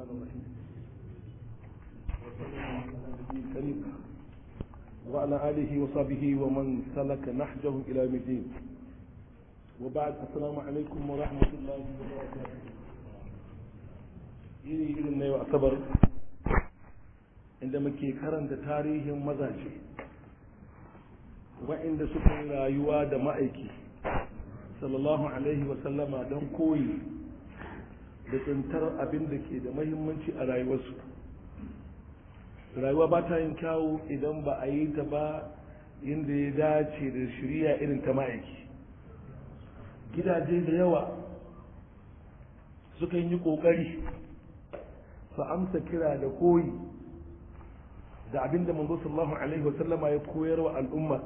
الرحمن الرحيم الكريم وعلى آله وصحبه ومن سلك نحجه إلى مدين وبعد السلام عليكم ورحمة الله وبركاته iri irin na yau asabar inda muke karanta tarihin mazaje wa'inda suka rayuwa da ma'aiki sallallahu alaihi wasallama don koyi da tsintar abin da ke da mahimmanci a rayuwarsu rayuwa ba ta yin kyawu idan ba a yi ta ba inda ya dace da shirya irin ta ma'aiki gidaje da yawa suka yi ƙoƙari su amsa kira da koyi da abin da manzo sallallahu alaihi sallama ya koyar wa al'umma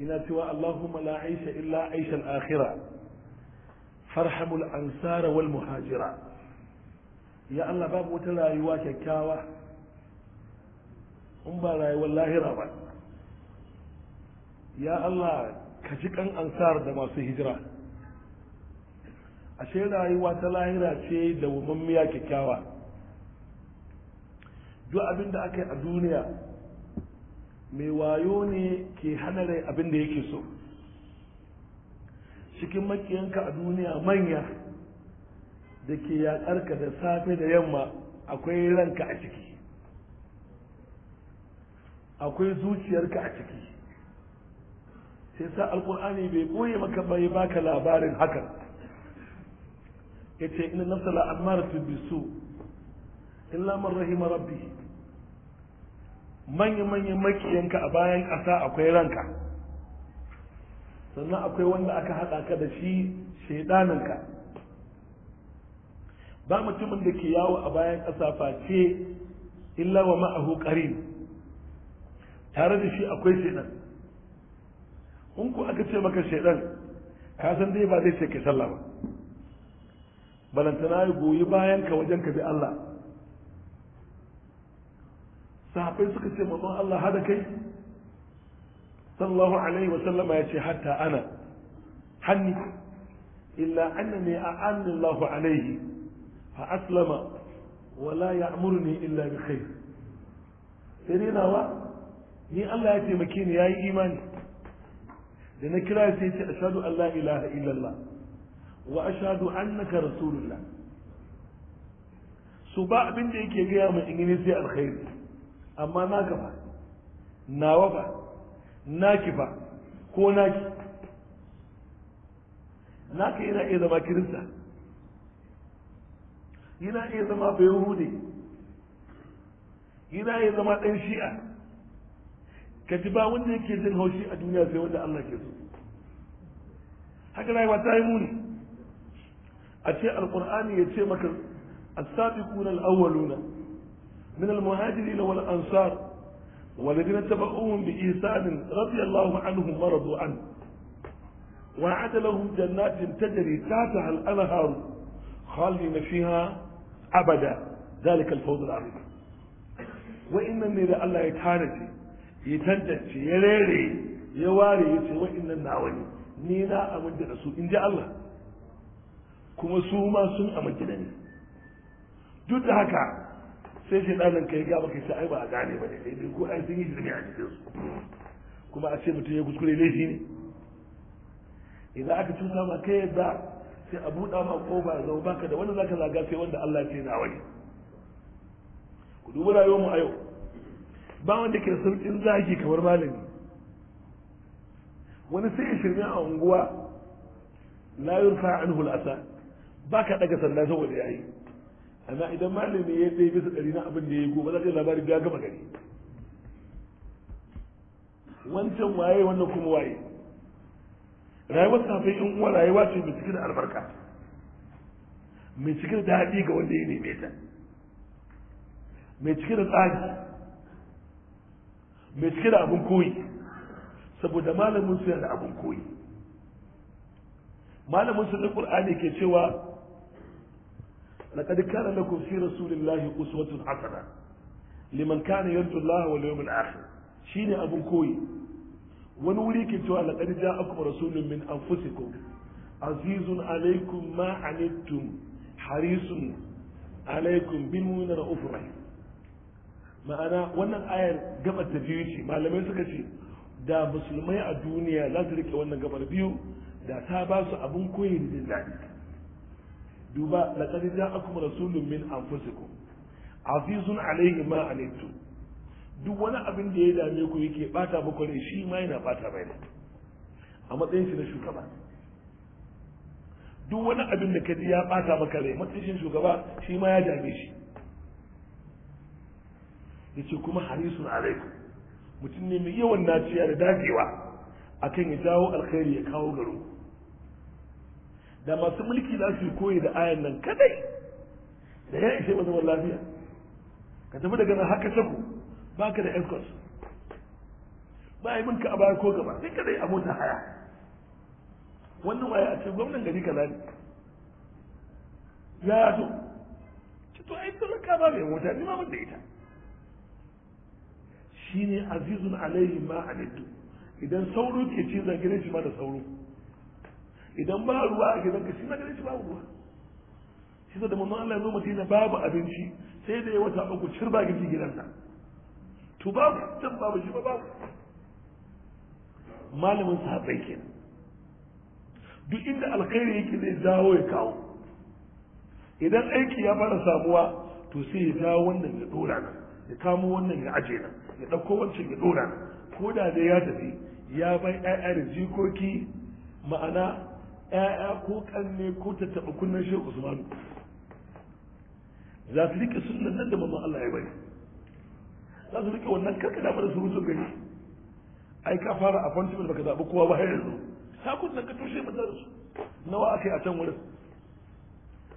ina cewa allahumma la aisha illa aishan al-akhirah farhamul ansara wal muhajira ya Allah babu wata rayuwa kyakkyawa in ba rayuwar lahira ba ya Allah ka ji kan ansar da masu hijira ashe rayuwa ta lahira ce da wumammiya kyakkyawa duk abin da aka yi a duniya mai wayo ne ke hana rai abin da yake so cikin makiyanka a duniya manya da ke yaƙarka da safe da yamma akwai ranka a ciki akwai zuciyarka a ciki sai sa alkur'ani bai ɓoye maka bai baka labarin hakan yace inna nafsa la bi bisu illa man rahima rabbi manya manyan makiyanka a bayan ƙasa akwai ranka sannan akwai wanda aka haɗa ka da shi ka ba mutumin da ke yawo a bayan ƙasa face illa wa ma'ahu ƙarin tare da shi akwai shaidan in ku aka ce maka shaidan ka san dai ba zai ce kai sallah ba balantana ya goyi bayan ka wajen ka bi Allah sahabbai suka ce manzon Allah hada kai sallallahu alaihi wasallama ya ce hatta ana hanni illa annani a'anna Allahu alaihi fa aslama ya ya'murni illa bi khair sai ni nawa ni Allah ya taimake ni ya yi imani da na kira sai ce ashadu an la ilaha illallah wa ashadu annaka rasulullah su ba abin da yake gaya mu in sai alkhairi amma na gaba nawa ba naki ba ko naki naki yana iya zama kirista yana iya zama bayahudi yana iya zama ɗan shi'a ka ji ba wanda yake jin haushi a duniya sai wanda Allah ke so haka rayuwa ta yi muni a ce alkur'ani ya ce maka as-sabiquna awwaluna min al-muhajirin wal ansar والذين اتبعوهم بإحسان رضي الله عنهم ورضوا عنه وعد لهم جنات تجري تحتها الأنهار خالدين فيها أبدا ذلك الفوز العظيم وإنني لألا يتهانتي يتنتج يريري يواري يتي وإن الناوي نينا أمجد سوء إن جاء الله كما سوما سن أمجدني duk da haka sai shi ɗanin kai ga kai sai ba a gane ba dai dai ko ai sun yi jirgin a cikin su kuma a ce mutum ya kuskure laifi ne idan aka cuta ma kai yadda sai a buɗa ma ƙofa zama baka da wanda zaka zaga sai wanda Allah ce na wani ku dubi rayuwar mu a yau ba wanda ke sauƙin zagi kamar malami wani sai ya shirme a unguwa la yurfa anhu al-asa baka daga sanda saboda yayi amma idan malami ya dai bisa ɗari na abin da ya yi gobe za ka labari ya gama gari wancan waye wannan kuma waye rayuwar safai in uwa rayuwa ce mai cikin albarka mai cikin daɗi ga wanda ya neme ta mai cikin tsari mai cikin abin koyi saboda malamin su yana da abin koyi malamin su na ƙur'ani ke cewa لقد كان لكم في رسول الله أسوة حسنة liman kana yarju Allah shine abun koyi wani wuri ke cewa laqad ja'akum rasulun min anfusikum azizun alaykum ma anittum harisun alaykum bil mu'minina raufur rahim ma'ana wannan ayar gaba ta biyu ce malamai suka ce da musulmai a duniya za su rike wannan gabar biyu da ta ba abun koyi da jin duba laqad ja'akum rasulun min anfusikum azizun alayhi ma anittum duk wani abin da ya dame ku yake bata muku ne shi ma yana bata mai ne a matsayin shi na shugaba duk wani abin da kaji ya bata maka rai matsayin shugaba shi ma ya dame shi yace kuma harisun alaikum mutum ne mai yawan naciya da dagewa akan ya jawo alkhairi ya kawo garo da masu mulki za su koyi da ayan nan kadai da ya ishe masu zaman lafiya ka tafi daga nan haka sako baka da escort ba yi minka a baya ko gaba sai kadai a mota haya wannan waye a ce gwamnan gari kaza ne ya zo ci to yi talaka ba mai mota ni ma ban da ita ne azizun alaihi ma alittu idan sauro ke cin gidan shi ma da sauro idan ba ruwa a ka shi maganin shi babu ruwa shi da manzon Allah ya zo madina babu abinci sai da ya wata uku cirba gidan gidansa to babu can babu shi ba babu malamin sahabbai kenan duk inda alkhairi yake zai dawo ya kawo idan aiki ya fara samuwa to sai ya dawo wannan ya dora nan ya kamo wannan ya aje nan ya ɗauko wancan ya dora nan ko da dai ya tafi ya bai ƴaƴa da jikoki ma'ana ƴaƴa ko kanne ko tattaɓa kunnen shehu Usman. za su rike sunan nan da mamma allah ya bari za su rike wannan karka damar su wuce gari ai ka fara appointment baka zaɓi kowa ba har yanzu sakon nan ka tushe mata da su nawa aka yi a can wurin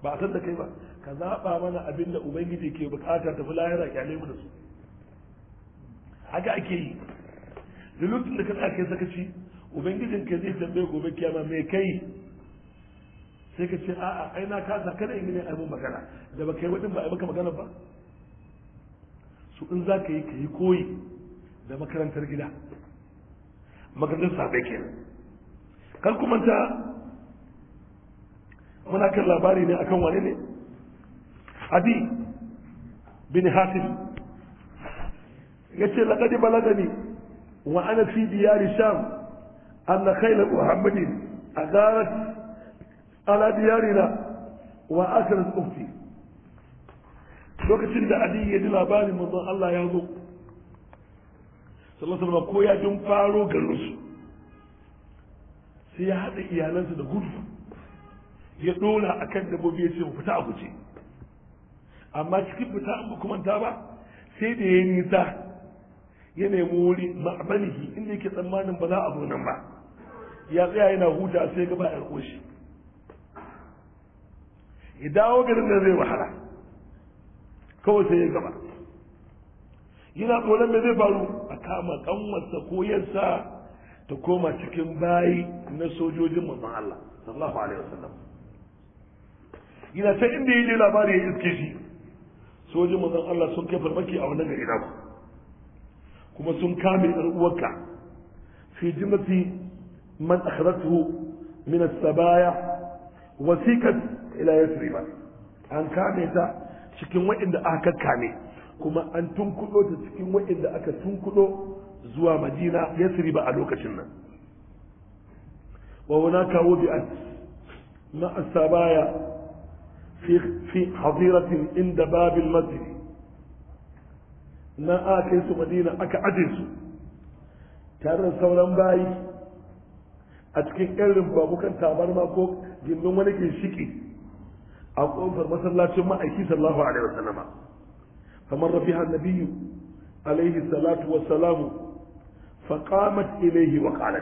ba a san da kai ba ka zaɓa mana abin da ubangiji ke bukata fi lahira kyale mu da su haka ake yi da lokacin da ka tsaka sakaci ubangijin ka zai tambaye gobe kiyama mai kai sai ka ce a'a ai na kasa kada in yi ai magana da ba kai wadin ba a baka magana ba su in za ka yi ka yi koyi da makarantar gida makarantar sabai kenan kan kuma ta muna kan labari ne akan wane ne adi bin hatim ya ce laƙadi balagani wa ana fi diyari sham an na khailar muhammadin a gara. على ديارنا na أختي lokacin da Ali ya ji labarin manzon Allah ya zo sallallahu alaihi ko ya jin faro garinsu sai ya haɗa iyalansu da gudu ya ɗora a kan dabbobi ya ce fita a guje amma cikin fita an hukumanta ba sai da ya nisa ya nemi wuri ma'amalihi inda yake tsammanin ba za zo nan ba ya tsaya yana huta sai gaba ya shi ya dawo garin da zai wahala kawai sai ya gaba yana kolon me zai faru a kama kanwarsa ko yansa ta koma cikin bayi na sojojin mamman Allah sallallahu alaihi wasallam yana ta inda yi labari ya iske shi sojin mamman Allah sun kai farmaki a wannan gari namu kuma sun kame ɗan uwarka fi mafi man akhrathu min as-sabaya wasiqat ila yasriba an kame ta cikin waɗanda aka kame kuma an tunkudo ta cikin waɗanda aka tunkudo zuwa madina yasriba a lokacin nan wa hunaka an ma asabaya fi fi hadiratin inda babin masjid na aka kai su madina aka aje su tare da sauran bayi a cikin irin babukan tabarma ko gindin wani ke shiki a kofar masallacin ma'aiki sallallahu alaihi wasallama kamar rafiha nabiyyu alaihi salatu wassalamu fa qamat ilaihi wa qalat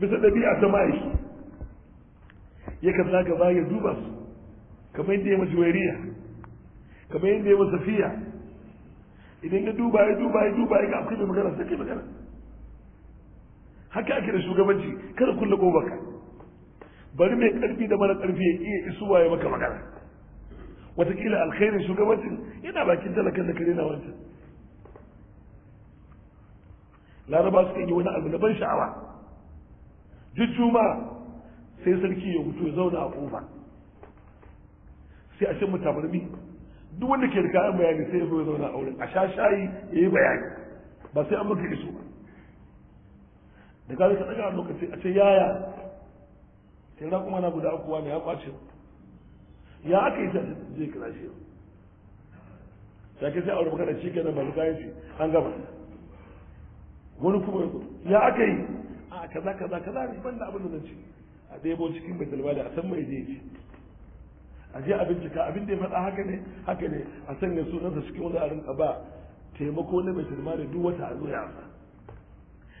bisa dabi'a ta ma'aiki yakan zaga ba ya duba su kamar yadda ya majuwariya kamar yadda ya safiya idan ya duba ya duba ya duba ya ga akwai mai magana sai kai magana haka ake da shugabanci kada kulle gobarka bari mai karfi da mara karfi ya iya isuwa ya maka magana watakila alkhairin shugabancin yana bakin talakan da kare na wancan laraba suka yi wani abu na ban sha'awa jujjuma sai sarki ya mutu ya zauna a kofa sai a shan mutabarmi duk wanda ke da bayani sai ya zo zauna a wurin a sha shayi ya yi bayani ba sai an maka iso ba da gari ka daga lokaci a ce yaya sai kuma na guda kuwa ne ya kwace ya aka yi ta zai kira shi take sai rubuka da shi kenan ba ka yi an gaba wani kuma ya aka yi a kaza kaza kaza ne banda abin da zance ci a ɗebo cikin bai talba a san mai zai ci a je a bincika abin da ya faɗa haka ne haka ne a sanya sunansa cikin wani a rinka ba taimako na mai talba da duk wata a zo ya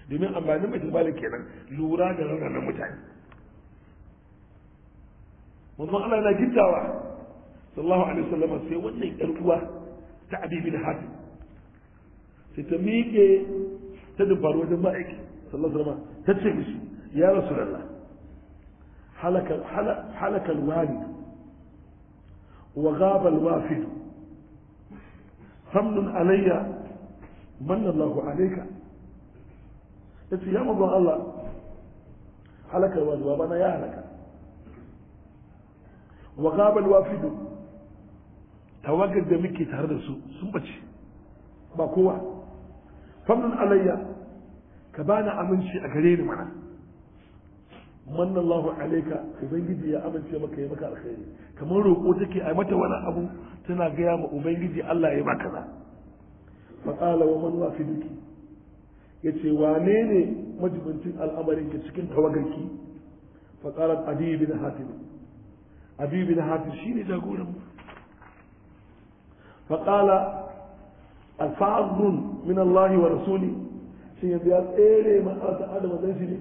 domin amfanin mai talba kenan lura da na mutane والمعنى أنا جدا صلى الله عليه وسلم سيوجه الأرواة تعبي من هذا ستميك تدبر ودمائك صلى الله عليه وسلم تتشكش يا رسول الله حلك, حلك الوالد وغاب الوافد فمن علي من الله عليك يا مبارك الله حلك الوالد وابنا يا هلكه wa gabal wafidu tawagar da muke tare da su sun bace ba kowa famnun alayya ka bani aminci a gare ni mana mannallahu alayka ubangiji ya amince maka ya maka alkhairi kamar roƙo take a mata wani abu tana gaya ma ubangiji Allah ya maka za fa qala wa man wafiduki yace wane ne majibincin al'amarin ki cikin tawagarki fa qala adi bin hatim حبيبنا إذا أقول فقال الفاظ من الله ورسوله قال إيه ما قالت آدم ليسني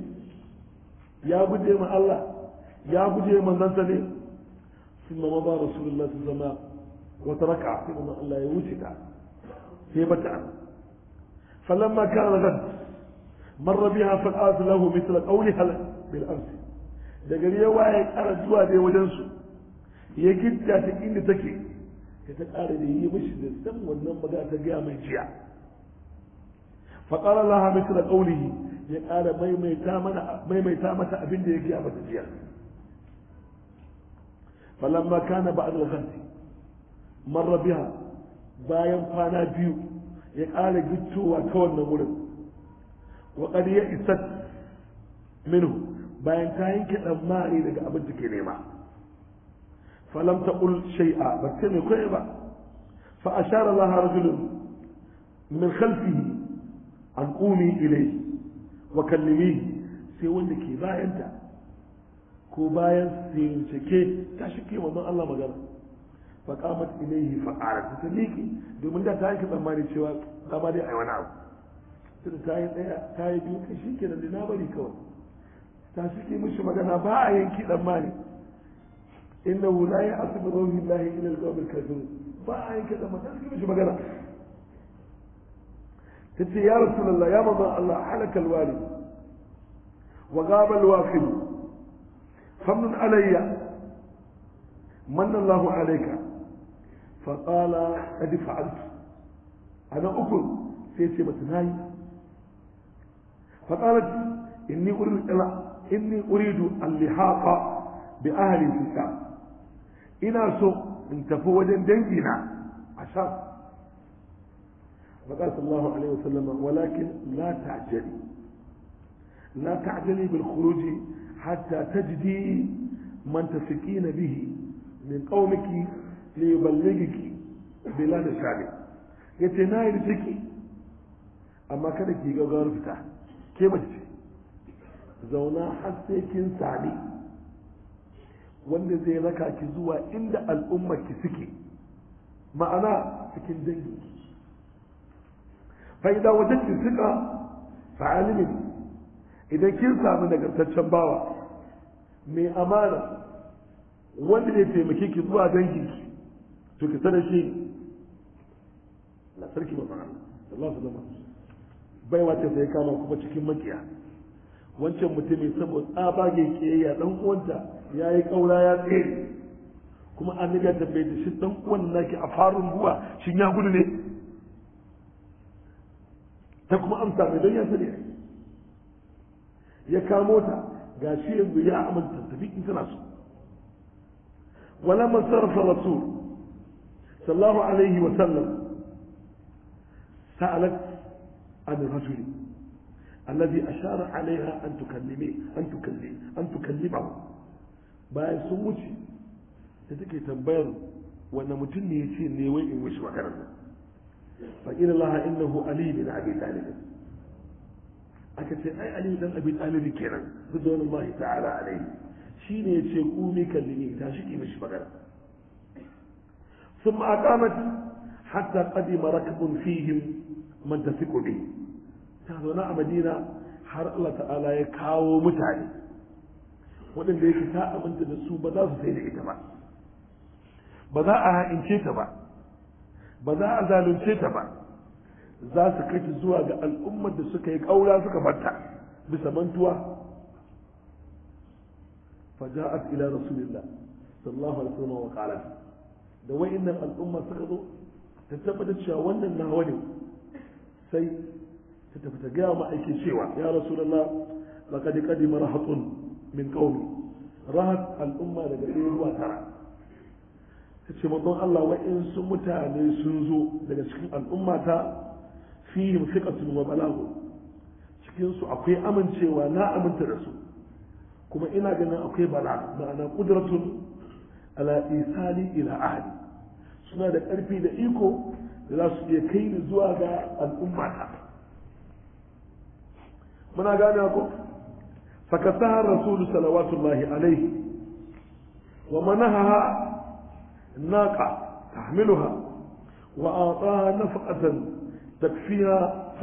يا بدي ما الله يا بدي ما ننتني ثم مضى رسول الله في الله وتركع وسلم ما عقبنا الله يوسك في متعب فلما كان غد مر بها فقالت له مثل قولها بالأمس da يا واحد waye ƙara zuwa ya gidda ta inda take ka ta ƙara da yi mishi da san wannan magana ta gaya mai jiya faƙara laha mai suna ƙaunihi ya ƙara maimaita mata abin da ya gaya mata jiya ma kana ba a ghamsi marra bayan kwana biyu ya ƙara gittowa ta wannan wurin waƙar ya isa Minu bayan ta yanke ɗan mari daga abin da ke nema falam taqul shay'a ba ce mai koyi ba fa ashara laha rajulun min khalfihi an qumi ilayhi wa kallimihi sai wanda ke bayanta ko bayan sai ke ta shi ke manzon Allah magana fa qamat ilayhi fa qarat ta miki da ta yi tsammani cewa ta ma dai ai wani abu tun ta yi tsaya ta yi biyu kai shi ke da na bari kawai ta shi ke magana ba a yanki tsammani إنه لا يعصي من روح الله إلا القوم الكافرون باين كذا ما تسكي ما بقرا تتي يا رسول الله يا مضى الله حلك الوالد وغاب الوافد فمن علي من الله عليك فقال قد فعلت أنا أكل في سيبة ناي فقالت إني أريد, إني أريد اللحاق بأهل الكتاب ina so in tafi wajen dangina a shan faɗa sallallahu alaihi wa sallama walakin la ta'jali la ta'jali bil khuruji hatta tajdi man tasqina bihi min qaumiki li yuballighiki bila da shari yace na yi ciki amma kada ki ga gawar fita ke bace zauna har sai kin sami wanda zai raka ki zuwa inda al'ummar ki suke ma'ana cikin dangi fa idan wajen ki suka fa idan kin sami nagartaccen bawa mai amana wanda zai taimake ki zuwa dangi to ki sanar shi la sarki ba ma'ana Allah su zama baiwa ta sai kama kuma cikin makiya wancan mutumin saboda ke kiyayya dan uwanta ya yi kaura ya tsere kuma an riga da bai da shi dan uwan naki a farin ruwa shi ya gudu ne ta kuma amsa mai don ya sani ya kamo ta ga shi yanzu ya aminta tafi in tana so wala masarfa rasul sallallahu alaihi wa sallam sa'alat an rajuli الذي أشار عليها أن تكلمي أن تكلمي أن تكلمه باي سموتي تتكي تنبير وأن متني يتيني وين وش وكرنا فإن الله إنه علي من أبي طالب أكتب أي علي من أبي طالب كرن بدون الله تعالى عليه شين يتي قومي كلمي تاشكي مش بغير ثم أقامت حتى قدم ركب فيهم من تثق به ta zauna a madina har Allah ta'ala ya kawo mutane waɗanda yake ta aminta da su ba za su sai da ita ba ba za a ha'ince ta ba ba za a zalunce ta ba za su kai zuwa ga al'ummar da suka yi ƙaura suka barta bisa mantuwa faja'at ila rasulillah sallallahu alaihi wasallam wa qala da wayannan al'umma suka zo ta tabbata cewa wannan nawa ne sai ta tafi ta gaya ma'aiki cewa ya rasu da rasulullah laqad mara rahatun min qaumi rahat al'umma daga ɗaya zuwa tara ta ce don Allah wa'insu mutane sun zo daga cikin al'ummata fihim thiqatun wa balago cikin su akwai amincewa na aminta da su kuma ina ganin akwai bala ma'ana qudratun ala isali ila Ahadi. suna da ƙarfi da iko da za su iya kai ni zuwa ga al'ummata muna gane ku fakasaha rasulu salawatullahi alaihi wa manaha naqa tahmiluha wa ataha nafqatan takfiha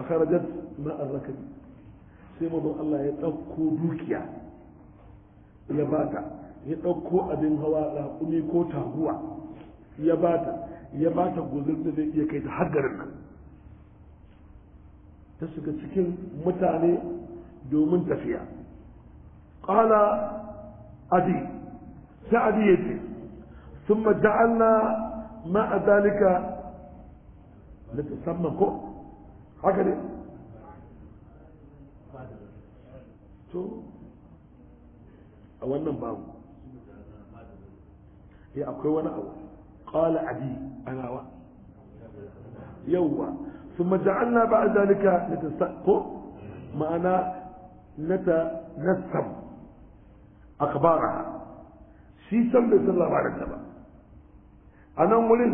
kharajat ma rakab sai don Allah ya ɗauko dukiya ya bata ya ɗauko abin hawa raƙumi ko taguwa ya bata ya bata guzur da zai iya kai ta har garin nan ta shiga cikin mutane domin tafiya qala adi sa'adi yace thumma ja'alna ma'a ta natasamma ko haka ne to a wannan babu ya eh, akwai wani abu qala adi ana wa yawwa ثم جعلنا بعد ذلك ko ma'ana نتنسم أخبارها shi san bai san labarin ba a nan wurin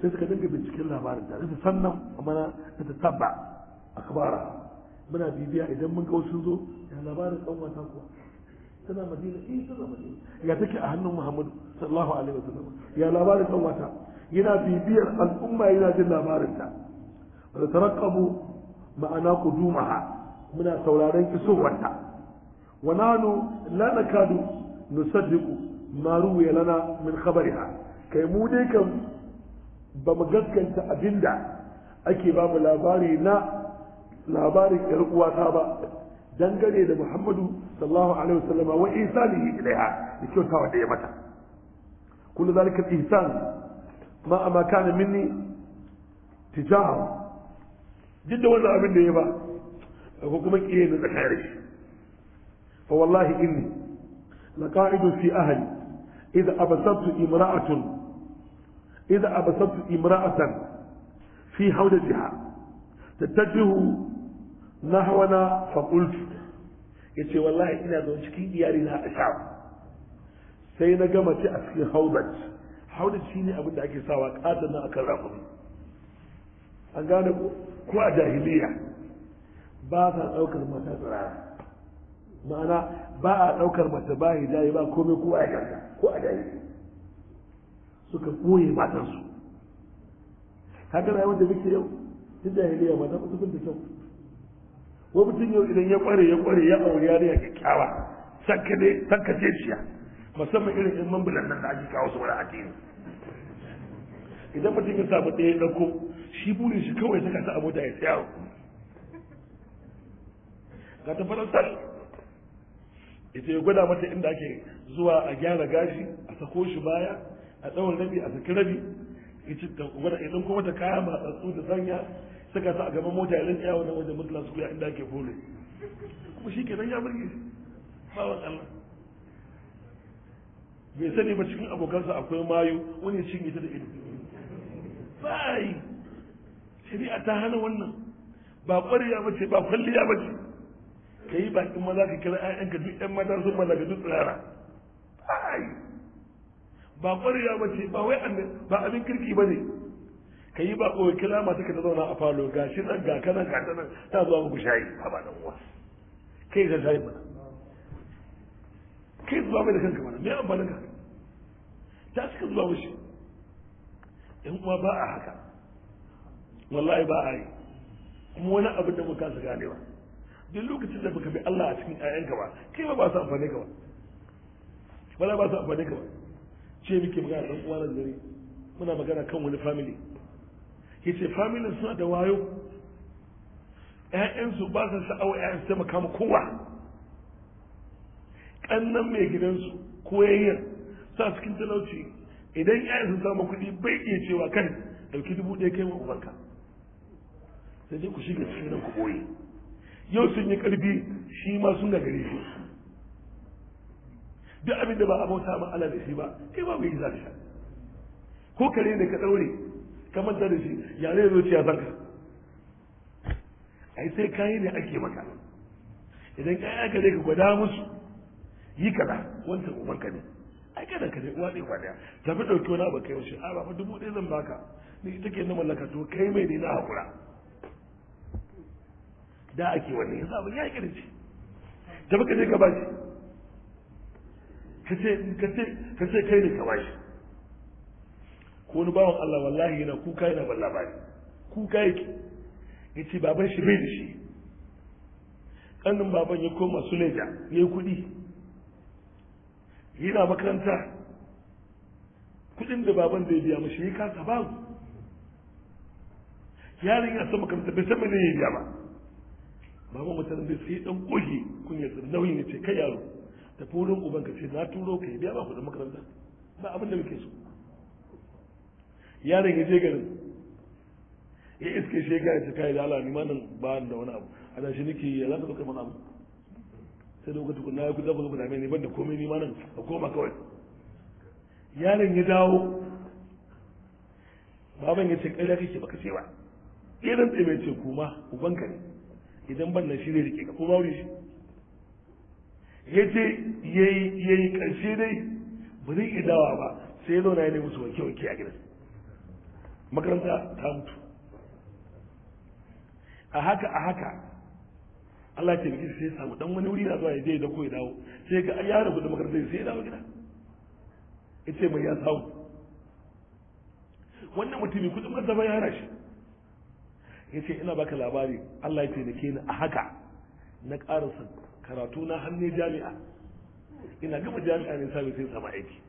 sai suka dinga binciken labarin ta rasa sannan mana ta tabba akbara muna bibiya idan mun ga wasu zo ya labarin kanwa kuwa tana madina eh tana madina ya take a hannun muhammadu sallallahu alaihi wasallam ya labarin kanwa yana bibiyar al'umma yana jin labarin ta wa taraqabu ma'ana qudumaha muna sauraron isowarta wa nanu la nakadu nusaddiqu ma ruwiya lana min khabariha kai mu dai kan ba mu gaskanta abinda ake ba mu labari na labarin yar uwata ba dangane da Muhammadu sallallahu alaihi wasallam wa isalihi ilaiha da kyautawa da ya mata kullu zalika ihsan ma amma kana minni tijaha duk da wannan abin da ya ba ko kuma kiyaye na tsakare shi fa wallahi inni laqa'idu fi ahli idza abasatu imra'atun idza abasatu imra'atan fi hawdatiha tattajihu nahwana fa qultu yace wallahi ina zo cikin iyali na a sai na gama ci a cikin haudat hawdat shine abin da ake sawa kadan nan akan rafi an gane ko a jahiliya ba sa ɗaukar mata tsirara ma'ana ba a ɗaukar mata ba hijabi ba komai ko a yarda ko a jayi suka ɓoye matansu haka na yawan da muke yau ta jahiliya mata ku tufin da kyau ko mutum yau idan ya ƙware ya ƙware ya aure ya ya kyakkyawa sakkace ciya musamman irin in mambulan nan da ake kawo su wani addini idan mutum ya samu ɗaya ya ɗauko shi buri shi kawai saka abu abota ya tsaya ga ta fara tal ita ya gwada mata inda ake zuwa a gyara gashi a sako shi baya a tsawon rabi a saki rabi ita ta gwada idan kuma ta kaya matsatsu da sanya suka sa a gaban mota ya tsaya wannan wajen mutula su kuya inda ake fole kuma shi kenan ya burge shi bawan Allah bai sani ba cikin abokansa akwai mayu wani cin ita da ido bai shari'a ta hana wannan ba kwariya ba ce ba kwalliya ba ce ka yi bakin maza ka kira ka duk ƴan mata sun mallaka duk tsirara ai ba ƙwarewa ba ce ba wai ba abin kirki ba ne ka yi ba ƙoyi kira masu ka ta zauna a falo ga shi nan ga kanan ga nan ta zuwa muku shayi a ba nan uwa kai zai shayi mana kai zuwa mai da kanka mana me amfanin ka ta suka zuwa mushi in uwa ba a haka wallahi ba a yi kuma wani abin da muka su ganewa duk lokacin da baka bi Allah a cikin ƴaƴanka ba kai ba ba su amfane ka ba wala ba su amfane ka ba ce muke magana dan uwa nan dare muna magana kan wani family yace family suna da wayo su ba sa sha'awa su taimaka ma kowa kannan mai gidansu ko yayyan sa cikin talauci idan ƴaƴan sun samu kuɗi bai iya cewa kan ɗauki dubu ɗaya kai ma ubanka sai dai ku shiga cikin nan ku boye yau sun yi karfi shi ma sun ga gare shi duk abin da ba a bauta ma Allah da shi ba kai ba bai za ka ko kare ne ka daure ka manta da shi yare zuciya san ka ai sai kai ne ake maka idan kai aka dai ka gwada musu yi kaza wancan uban ka ne ai kada ka dai uwa ne uwa tafi dauki wani abu kai shi a ba dubu ɗaya zan baka ni ita ke na mallaka to kai mai ne na hakura da ake wannan yanzu abin ya kirce ta baka je ka ce ka ce kai ne ka bashi ko wani bawan Allah wallahi yana kuka yana ba labari kuka yake ya ce baban shi bai da shi ƙannin baban ya koma suleja ya yi kuɗi yana makaranta kuɗin da baban zai biya mashi ya kasa babu yaron yana son makaranta bai san mene ya biya ba ba mu mutum bai sai dan koshi kunya sun nauyi ne ce kai yaro ta wurin uban ka ce na turo ka biya ba kuɗin makaranta ba abin da muke so yaron ya je garin ya iske shi ya ce kai da ala ni ma nan ba da wani abu a da shi nake ya za ka zo kai mana abu sai da kuka tukunna ya ku zaba zaba da mai ne banda komai ni ma nan ka koma kawai yaron ya dawo baban ya ce ƙarya kake baka ce ba irin tsaye mai ce kuma ubanka ne idan ban nan shi ne rike ko babu shi yace yayi yayi ƙarshe dai ba zai iya dawa ba sai zo na yi musu wanke wanke a gidan makaranta ta mutu a haka a haka Allah ya taimake sai samu dan wani wuri na zuwa ya je da ko ya dawo sai ga ya rubu da makaranta sai ya dawo gida yace mai ya samu wannan mutumin kudin makarantar ya hana shi ya ce ina baka labari Allah ya taimake ni a haka na ƙarasa karatu na hannun jami'a ina gama jami'a ne sami sai sama aiki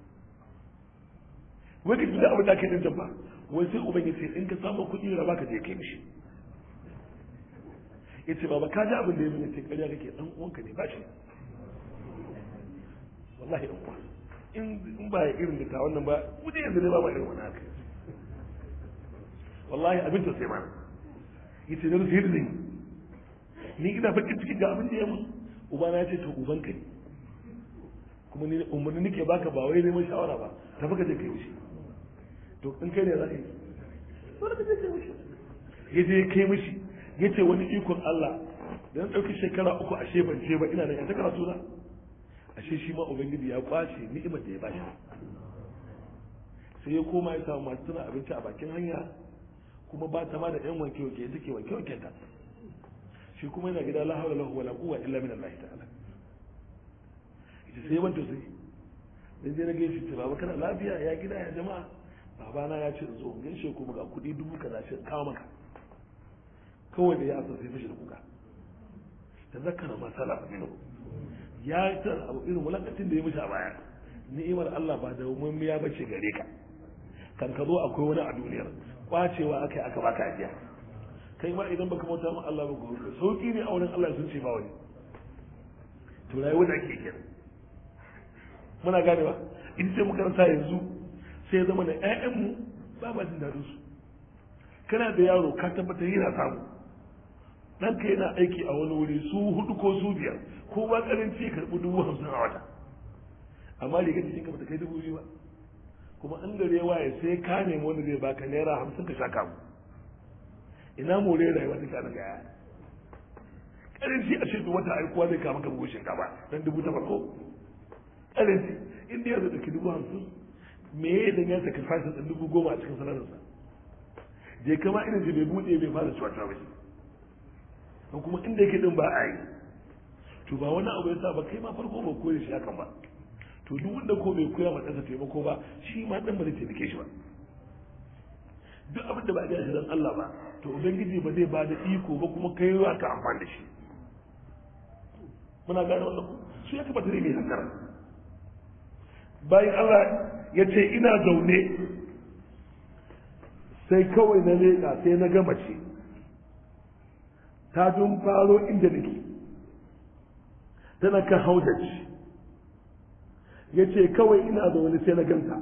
wai ka ji da abin da ake nan ba wai sai uban ya ce in ka samu kuɗi raba ka je kai mishi ya ce baba ka ji abin da ya mini ce ƙarya kake ɗan uwanka ne ba shi wallahi ɗan uwa in ba irin da ta wannan ba wuce yanzu ne ba irin wani haka wallahi abin ta sai mana ya ce zai da ni ni ina ciki cikin ga abin da ya mun uba na ya ce to uban ka ne kuma ni umarni nake baka ba wai neman shawara ba ta baka je kai mishi to in kai ne za ka yi wani ka je kai mishi ya je kai mishi ya ce wani ikon Allah da na ɗauki shekara uku a sheban je ba ina nan yanzu karatu na ashe shi ma ubangiji ya kwace ni'imar da ya bashi sai ya koma ya samu masu tuna abinci a bakin hanya kuma ba ta ma da yan wanke wanke take wanke wanke ta shi kuma yana gida la hawla lahu wala quwwata illa billah ta'ala ita sai wanda sai dan je rage shi ta baba kana lafiya ya gida ya jama'a babana ya ce zo shi kuma ga kudi dubu kaza shi kawo maka kawai da ya asa sai fashi da kuka ta zakara masala ya ya tar abu irin mulakatin da ya mishi a baya ni'imar Allah ba da mummiya bace gare ka kan ka zo akwai wani a duniyar kwacewa akai aka baka ajiya kai ma idan baka mota ma Allah ba gobe sauki ne a wurin Allah sun ce ba wani to rayuwar da ake kenan muna ba in sai rasa yanzu sai zama da ƴaƴanmu mu ba jin daɗin su kana da yaro ka tabbatar yana samu kai yana aiki a wani wuri su hudu ko su biyar ko ba ƙaranci ya karɓi dubu hamsin a wata amma rigar jikinka ta kai dubu biyu ba kuma an gare waye sai ka nemi wanda zai baka naira hamsin ka sha kamu ina more rayuwa ta kana gaya karanci a ce wata aikuwa zai kama ka goshin ba don dubu ta farko karanci inda ya zai dubu hamsin me ya idan ya saki fasa ɗan dubu goma a cikin sanararsa je kama irin da bai buɗe bai fara cewa ba shi kuma inda yake din ba a yi to ba wani abu ya sa ba kai ma farko ba koyi shi hakan ba to duk wanda ko bai koya masa taimako ba shi ma ɗan ba zai taimake shi ba duk abin da ba ga shirin don Allah ba to ubangiji ba zai ba da iko ba kuma kai wa ka amfani da shi muna gane wannan su ya kamata ne mai hankar bayan Allah ya ce ina zaune sai kawai na leƙa sai na gama ce ta tun faro inda nake tana kan haudaci ya ce kawai ina wani sai na ganta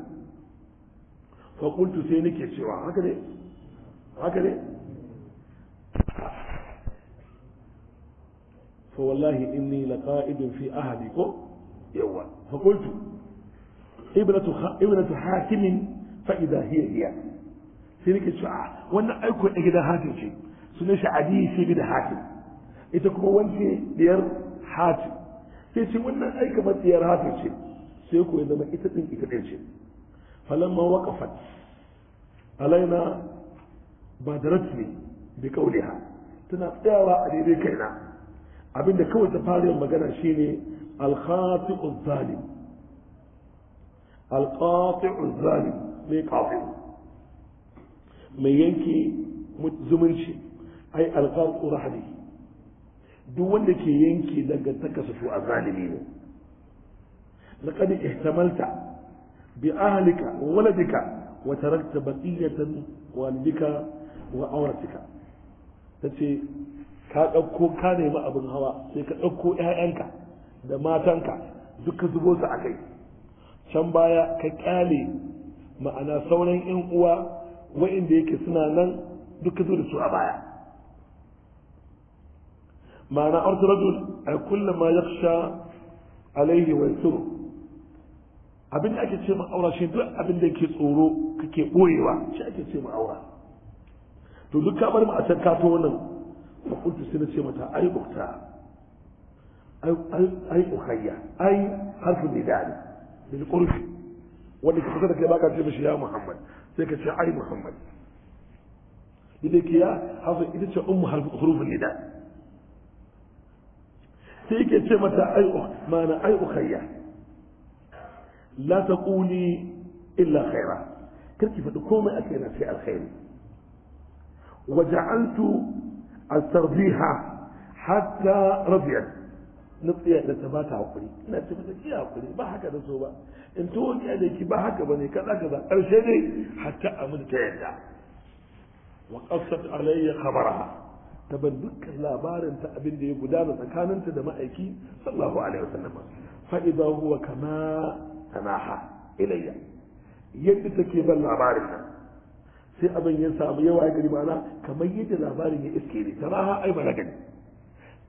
faƙuntu sai nake cewa haka ne haka ne fa wallahi inni laqa'idun fi ahli ko yawa fakultu ibnatu ibnatu hakimin fa idha hiya hiya sai nake cewa ah, wannan aiko da gidan hakim ce sunan shi adi shi da hakim ita kuma wance diyar hakim sai ce wannan aika matsiyar hakim ce sai ko ya zama ita din ita ɗin ce falamma waqafat alaina badarat ne bi kauliha tana tsayawa a daidai kaina abinda kawai ta fara yin magana shine al-khati'u zalim al zalim mai qafi mai yanke zumunci ai al-qati'u duk wanda ke yanke daga takasu a zalimi ne لقد احتملت بأهلك وولدك وتركت ta والدك وعورتك تتي ka ɗauko ka nemi abin hawa sai ka ɗauko ‘ya'yanka da matanka duk ka zubo a kai can baya ka ƙyale ma'ana sauran ‘yan uwa wa'inda yake suna nan duk ka da su a baya ma'ana arzu rajul a kullum ma yaksha alaihi wa yasuru abin da ake ce ma aura shi duk abin da yake tsoro kake boyewa shi ake ce ma aura to duk ka bar mu a can ka to wannan fa kuntu sai na ce mata ai ukta ai ai ukhayya ai harfin nidani bil qurfi wanda ke kusa da kai baka ce mishi ya muhammad sai ka ce ai muhammad ita ke ya hafa ita ce ummu hurufin da. sai ke ce mata ai mana ai ukhayya la taquli illa khaira karki faɗi komai akai na sai alkhairi waja'altu astardiha hatta rabi'at na tsaya da ta bata hakuri ina ce mata ki hakuri ba haka da so ba in to wani a ba haka bane kaza kaza karshe dai hatta amin ta yadda wa qassat alayya khabaraha ta bar dukkan labarin abin da ya gudana tsakaninta da ma'aiki sallallahu alaihi wasallam kama sanaha ilayya yadda take ban labarin nan sai abin ya samu yawa ya gani kamar yadda labarin ya iske ne sanaha ai mana gani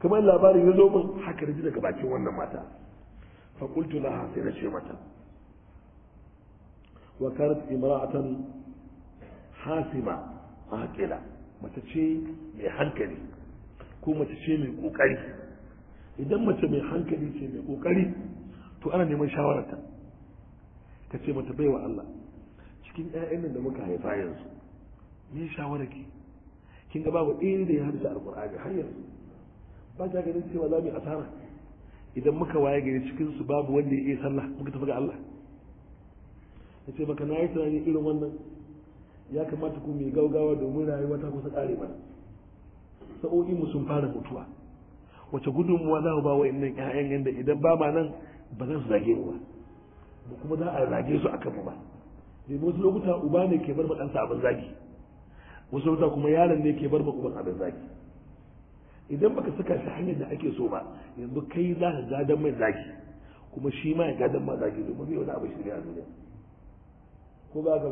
kamar labarin ya zo min haka ji daga bakin wannan mata fa qultu laha sai na ce mata wa kanat imra'atan hasima aqila mace ce mai hankali ko mace ce mai kokari idan mace mai hankali ce mai kokari to ana neman shawararta ka ce mata baiwa Allah cikin ƴaƴan nan da muka haifa yanzu me shawara ki kin ga babu ɗaya da ya haddace alqur'ani har yanzu ba ta ganin cewa za mu asara idan muka waye gari cikin su babu wanda ya yi sallah muka tafi ga Allah ya ce maka na yi tunani irin wannan ya kamata ku mai gaugawa domin rayuwa ta kusa ƙare mana sa'o'in mu sun fara mutuwa wace gudunmuwa za mu ba wa innan ƴaƴan yanda idan ba ma nan ba zan su zage mu ba ba kuma za a zage su akan mu ba domin wasu lokuta uba ne ke bar ma ɗansa abin zagi wasu lokuta kuma yaron ne ke bar uban abin zagi idan baka saka shi hanyar da ake so ba yanzu kai za ka gadon mai zagi kuma shi ma ya gadon ma zagi domin zai wani abin shi ne a duniya ko ba ga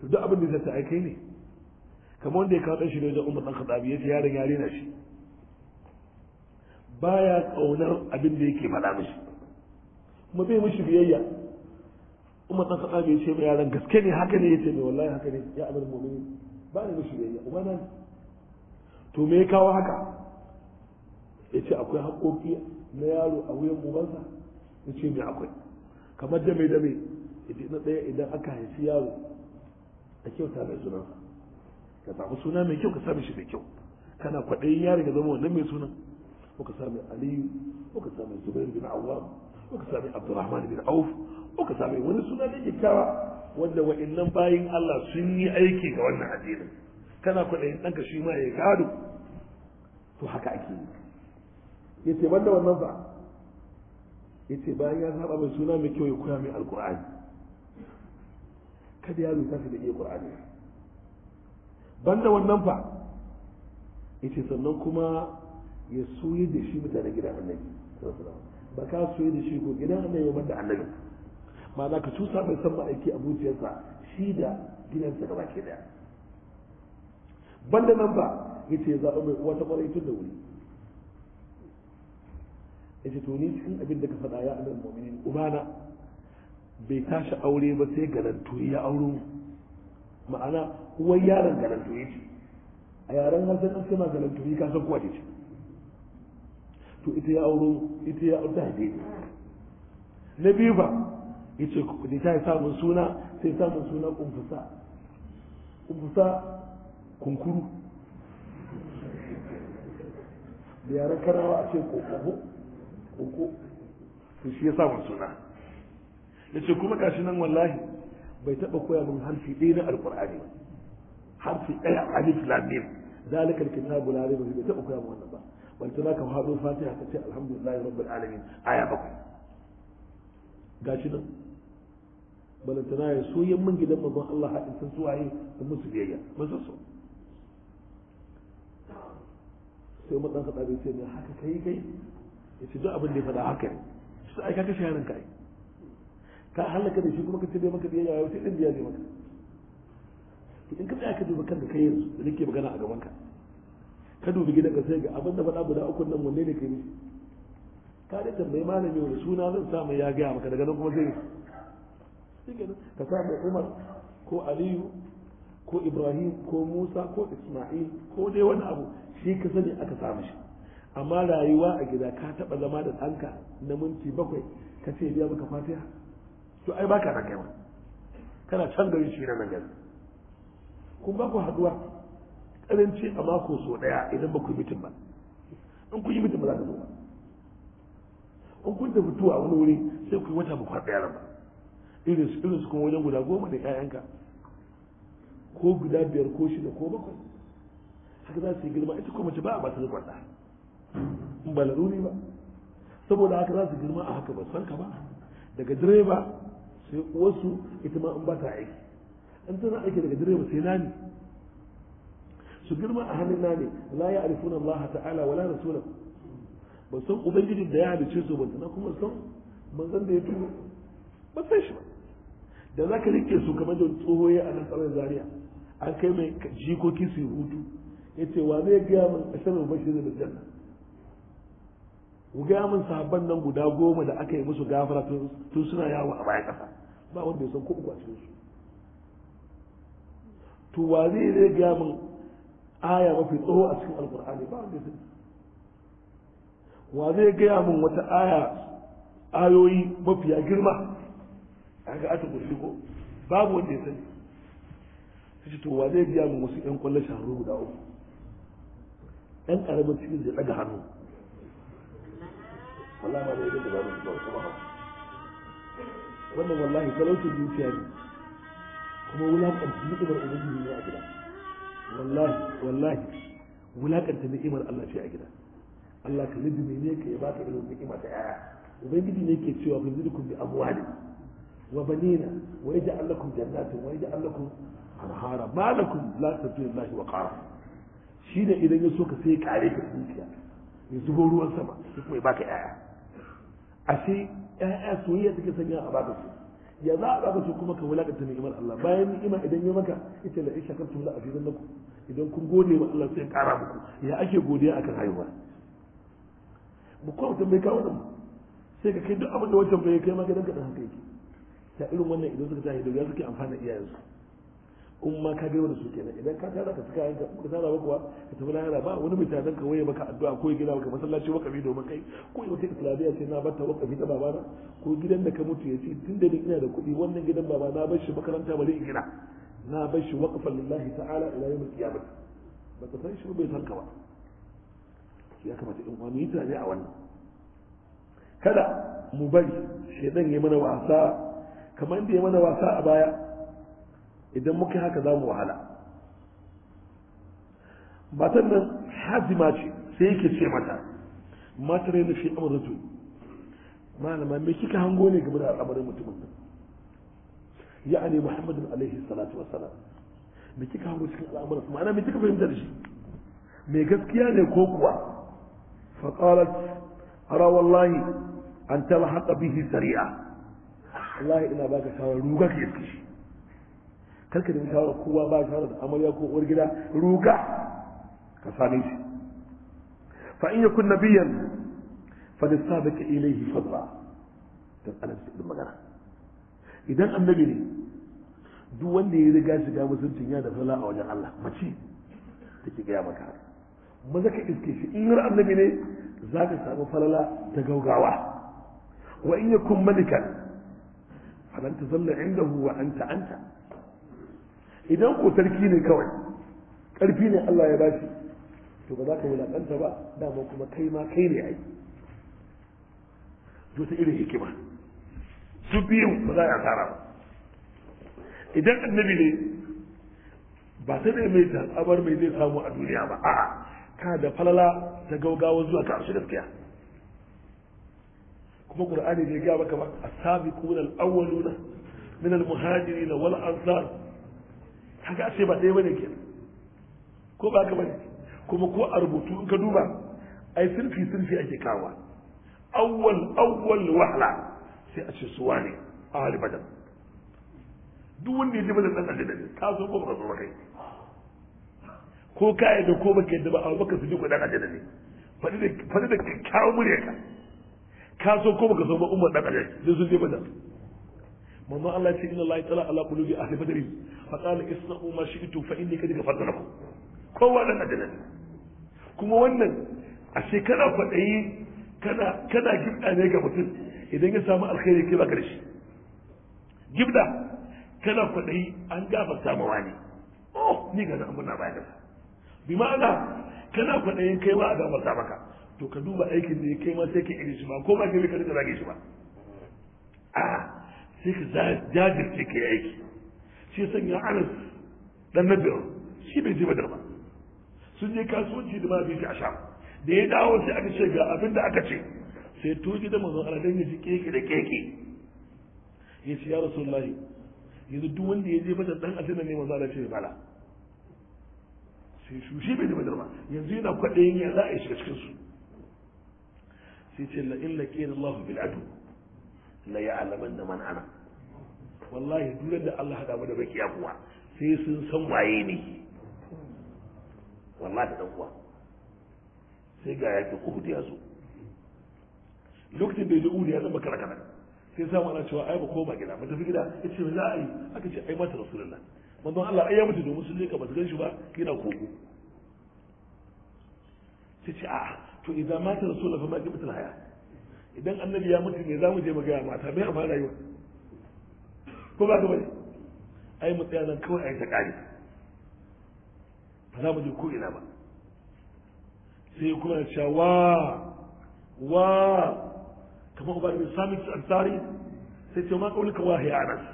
to duk abin da zai ta kai ne kamar wanda ya kawo ɗan shi ne wajen umar ɗan khattabi ya ce yaron ya rena shi baya ƙaunar abin da yake faɗa mishi kuma bai mishi biyayya umar dan kaɗa ya ce mai yaran gaske ne haka ne ya ce mai wallahi haka ne ya amir mu'minin ba ni mishi biyayya uba na to me ya kawo haka ya ce akwai haƙoƙi na yaro a wuyan ubansa ya ce mai akwai kamar dame dame na ɗaya idan aka haifi yaro a kyauta mai sunansa ka samu suna mai kyau ka sami shi mai kyau kana kwaɗayin yaro ka zama wannan mai sunan ko ka sami aliyu ko ka sami zubairu bin awwam ko ka sami abdurrahman bin auf kuka sami wani suna da kyakkyawa wanda wa'annan bayin Allah sun yi aiki ga wannan addinin kana kwaɗayin ɗanka shi ma ya gado to haka ake yi ya ce banda wannan ba ya ce bayan ya saba mai suna mai kyau ya koya mai Alƙur'ani. kada yaro ya tashi da iya kur'ani banda wannan fa ya ce sannan kuma ya soye da shi mutanen gidan annabi ba ka soye da shi ko gidan annabi ba da annabi ma'ana ka cusa mai san ma'aiki a zuciyarsa shi da gidansa gaba ke daya banda nan ba ya ce zaɓa mai uwa ta ƙwarai tun da wuri ya ce tuni cikin abin da ka faɗa ya amir mominin ubana bai tashi aure ba sai garantori ya auro ma'ana uwar yaron garantori ce a yaren harshen an suna garantori ka san kuwa ce to ita ya auro ita ya auta ta na biyu ba yace ku da ta yi samun suna sai samun suna kumfusa kumfusa kunkuru da yaren karawa a ce kokoko koko to shi ya samun suna suna yace kuma gashi nan wallahi bai taba koya mun harfi ɗaya na alqur'ani harfi ɗaya alif lam mim zalika kitabu la bai taba koya mun wannan ba wanda ka hado fatiha ka ce alhamdulillahi rabbil alamin aya bakwai gashi nan balantana ya so yin min gidan manzon Allah haɗin sun suwaye da musu biyayya mun su so sai matsan ka ɗabi sai ne haka kai kai ya ce duk abin da ya faɗa haka ne su aika ka shayarin ka ka halaka da shi kuma ka ce bai maka biyayya wata ɗin biya ne maka in ka tsaya ka duba kanka kai yanzu da nake magana a gaban ka ka dubi gidan ka sai ga abin da faɗa guda uku nan wanne ne ka yi, ka da tambayi malami wani suna zan sa mai ya gaya maka daga nan kuma zai ka sa mai umar ko aliyu ko ibrahim ko musa ko isma'il ko dai wani abu shi ka sani aka samu shi amma rayuwa a gida ka taɓa zama da ɗanka na minti bakwai ka ce biya maka fatiha to ai baka na kai kana can gari shi na nan gari kun ba ku haɗuwa karanci a mako so ɗaya idan ba ku yi mitin ba in kun yi mitin ba za ka zo ba in kun tafi tuwa wani wuri sai ku yi wata bakwai ɗaya ba irin su irin su kuma wajen guda goma da ƴaƴanka ko guda biyar ko shida ko bakwai haka za su yi girma ita kuma mace ba a ba ta da kwada in ba laruri ba saboda haka za su girma a haka ba san ka ba daga direba sai wasu ita ma in ba ta aiki in tana aiki daga direba sai nani su girma a hannun nani la ya arifun Allah ta'ala wala rasulahu ba san ubangijin da ya halice su ba kuma san manzon da ya tuno ba sai shi ba da za ka rike su kamar da tsohoye a nan tsarin zaria an kai mai jikoki su yi hutu ya ce wa zai gaya min a saman bashi da aljanna ku gaya min sahabban nan guda goma da aka yi musu gafara tun suna yawo a baya ƙasa ba wanda ya san ko uku a cikin su to wa zai zai gaya min aya mafi tsoho a cikin alkur'ani ba wanda ya san wa zai gaya min wata aya ayoyi mafiya girma kaga aka kursi ko babu wanda ya sani sai to wa zai biya mu wasu yan kwallon shahararru guda uku yan karamin cikin zai daga hannu wallahi ma zai da babu zuwa kuma hau wannan wallahi talaucin dukiya ne kuma da ni'imar ubangiji ne a gida wallahi wallahi wulaƙanta ni'imar Allah ce a gida Allah ka lidumi ne ka ya baka irin ni'ima ta yaya ubangiji ne ke cewa fa zidukum bi amwalikum Wa وبنينا ويجعل لكم جنات ويجعل لكم wa ما لكم لا تنفذون الله وقارا شيء إذا يسوك سيك عليك الدنيا يزبو ruwan sama sai kuma ya baka yaya ashe yaya soyayya take sanya a baka su ya za a baka su kuma ka wulakanta ni'imar Allah bayan ni ni'ima idan ya maka ita la isha kan tula azidan lakum idan kun gode wa Allah sai kara muku ya ake godiya akan haihuwa mu kuma tambaye kawo wannan sai ka kai duk abin da wancan bai kai ma ka gidanka da yake. da irin wannan idan suka tashi da wuya suke amfana iyayensu in ma ka gaiwa da su kenan idan ka tara ka suka yanka ka tara ba kuwa ka tafi lahira ba wani mai dan ka waye maka addu'a ko ya gina maka masallaci kabi domin kai ko ya wata islamiyya ce na bata wakafi ta babana ko gidan da ka mutu ya ce tun da ni ina da kuɗi wannan gidan baba na bar shi makaranta bari in gina na bar shi waqfan lillahi ta'ala ila yawmil qiyamah ba ka san shi bai san ka ba ya kamata in kwanu yi tunani a wannan kada mu bari shedan ya mana wasa kamar da ya mana wasa a baya idan muka haka za mu wahala matan nan hazima ce sai yake ce mata matar yana fi amuratu malama me kika hango ne game da al'amarin mutumin nan ya ne muhammadu alaihi salatu wassalam me kika hango cikin al'amarin su ma'ana me kika fahimtar da shi me gaskiya ne ko kuwa faqalat ara wallahi an talhaqa bihi sari'a wallahi ina baka shawara ruga ka iske shi karka da shawara kowa ba shawara da amarya ko uwar gida ruga ka same shi fa in yakun nabiyan fa sabaka ilayhi fadla dan ana cikin magana idan annabi ne duk wanda ya riga shiga musuntun ya da fala a wajen Allah mace take gaya maka maza ka iske shi in yar annabi ne za ka samu falala ta gaugawa wa in yakun malikan falan ta zalla indahu wa anta anta idan ko sarki ne kawai karfi ne Allah ya bashi to ba za ka wulakanta ba dama kuma kai ma kai ne ai to ta irin hikima su biyu ba za a tara ba idan annabi ne ba ta ne mai tsabar mai zai samu a duniya ba a'a ka da falala ta gaugawa zuwa ta gaskiya kuma qur'ani bai ga maka ba as-sabiquna al-awwaluna min al-muhajirin wal ansar kaga ashe ba dai bane ke ko ba ka bane kuma ko a rubutu in ka duba ai sirfi sirfi ake kawa awwal awwal wahla sai a ce su ne ahli badar duk wanda ya ji badar dan aljanna ne ka so ko ba ka so kai ko ka da ko baka da ba a baka su ji ko dan aljanna ne fadi da fadi da kyakkyawar ka so ko baka so ba umar dan adam sai sun je bada manzo Allah ya ce inna Allah ta'ala ala qulubi ahli badri fa qala isna'u ma shi'tu fa inni kadika fadlaku lakum kowa dan adam kuma wannan a shekara kwadayi kana kana gibda ne ga mutum idan ya samu alkhairi kai baka da shi gibda kana kwadayi an gafarta mawa ne oh ni ga nan muna bayar bi ma'ana kana kai ba a gafarta maka to ka duba aikin da ya kai ma sai ka iri shi ba ko ba ka bi ka zage shi ba a sai ka jajirce ka yi aiki shi ya sanya anas dan biyar shi bai je badar ba sun je kasuwanci da ma bai shi a sha da ya dawo sai aka ce ga abin da aka ce sai to da mazan aladen ya ji keke da keke ya ce ya rasu yanzu duk wanda ya je badar dan asina ne mazan ala ce bala sai shi bai je badar ba yanzu yana kwaɗayin ya za a yi shiga cikinsu sai ce la illa kiyar Allah bil adu la ya'laman da man ana wallahi duk da Allah hada mu da baki kuwa sai sun san waye ne wallahi da kuwa. sai ga ya yaki Uhud ya zo lokacin da ya Uhud ya zama kara sai samu ana cewa ai ba ko ba gida mu tafi gida yace me za a yi aka ce ai mata rasulullah manzon Allah ai ya mutu domin sun ka ba su gan shi ba yana koko sai ce a'a to idan mata rasul fa ma kibatul haya idan annabi ya mutu ne za mu je mu ga mata mai amana rayuwa ko ba ga bane ai mu tsaya nan kawai ai ta kare ba za mu je ko ina ba sai kuma cewa wa wa kamar ba ibn samit al-ansari sai ce ma kaulika wa ya anas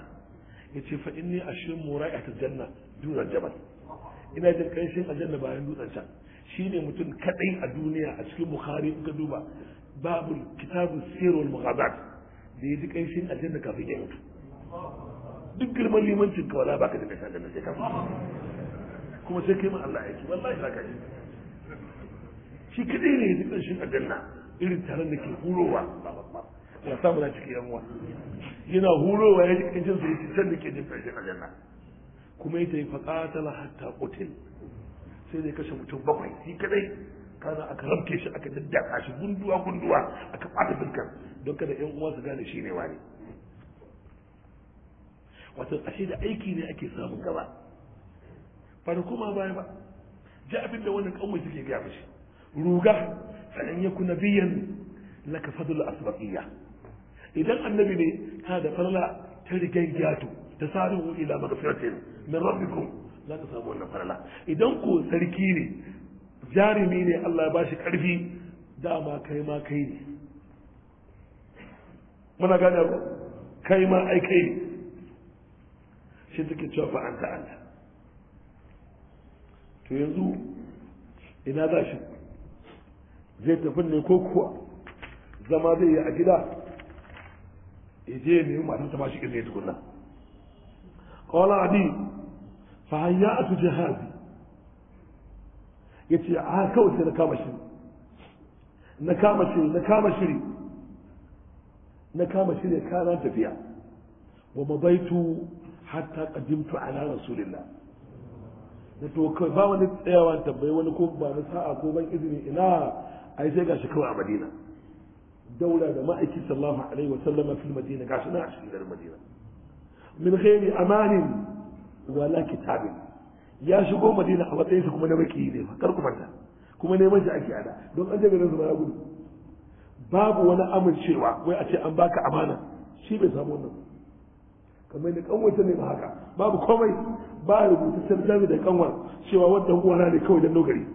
yace fa inni ashim mura'at al-janna dun jabal ina jin kanshin aljanna bayan dutsen can Shi ne mutum kadai a duniya a cikin bukhari in ka duba babu kitabun sirrul mughazat da ya ji kanshin aljanna kafin ya mutu duk girman limancin ka wala baka da kasa da sai ka kuma sai kai ma Allah yake wallahi za ka shi kadai ne ya ji kanshin aljanna irin taron da ke hurowa ya samu na cikin yan yana hurowa ya ji kanshin sai ya can da ke jin kanshin aljanna kuma ya ta yi faƙatar hatta ƙutin sai dai kashe mutum bakwai shi kadai kana aka rabke shi aka daddaka shi gunduwa gunduwa aka ɓata dukkan don kada ƴan uwa su gane shi ne wani wato ashe da aiki ne ake samu gaba ba da baya ba ji abin da wannan kanwai suke gaya mishi ruga sanan yaku nabiyan laka fadul asbaqiyya idan annabi ne ka da farla ta rigen gyato ta sarihu ila magfiratin min rabbikum za ka samu wannan farala idan ko sarki ne jarumi ne Allah ya bashi karfi dama kai ma kai ne muna gane ko kai ma ai kai ne shi take cewa fa anta Allah to yanzu ina za shi zai tafi ne ko kuwa zama zai yi a gida ya je ya nemi matar ta bashi izini tukunna qala adi فهيأت جهادي يتي عاكوت نكام شري نكام شري نكام شري نكام شري كان تفيا ومضيت حتى قدمت على رسول الله da to kai ba wani tsayawa tambayi wani ko ba na sa'a ko ban izini ina ai sai gashi kawai a Madina Daura da ma'aiki sallallahu alaihi wa sallama fil Madina gashi na a cikin garin Madina min amanin wala kitabi ya shigo madina a matsayinsa kuma na maki ne fa kar manta kuma neman shi ake ada don an jaga ransa ya gudu babu wani amincewa wai a ce an baka amana shi bai samu wannan kamar da kanwata ne ba haka babu komai ba rubuta jami da kanwar cewa wanda uwana ne kawai dan dogari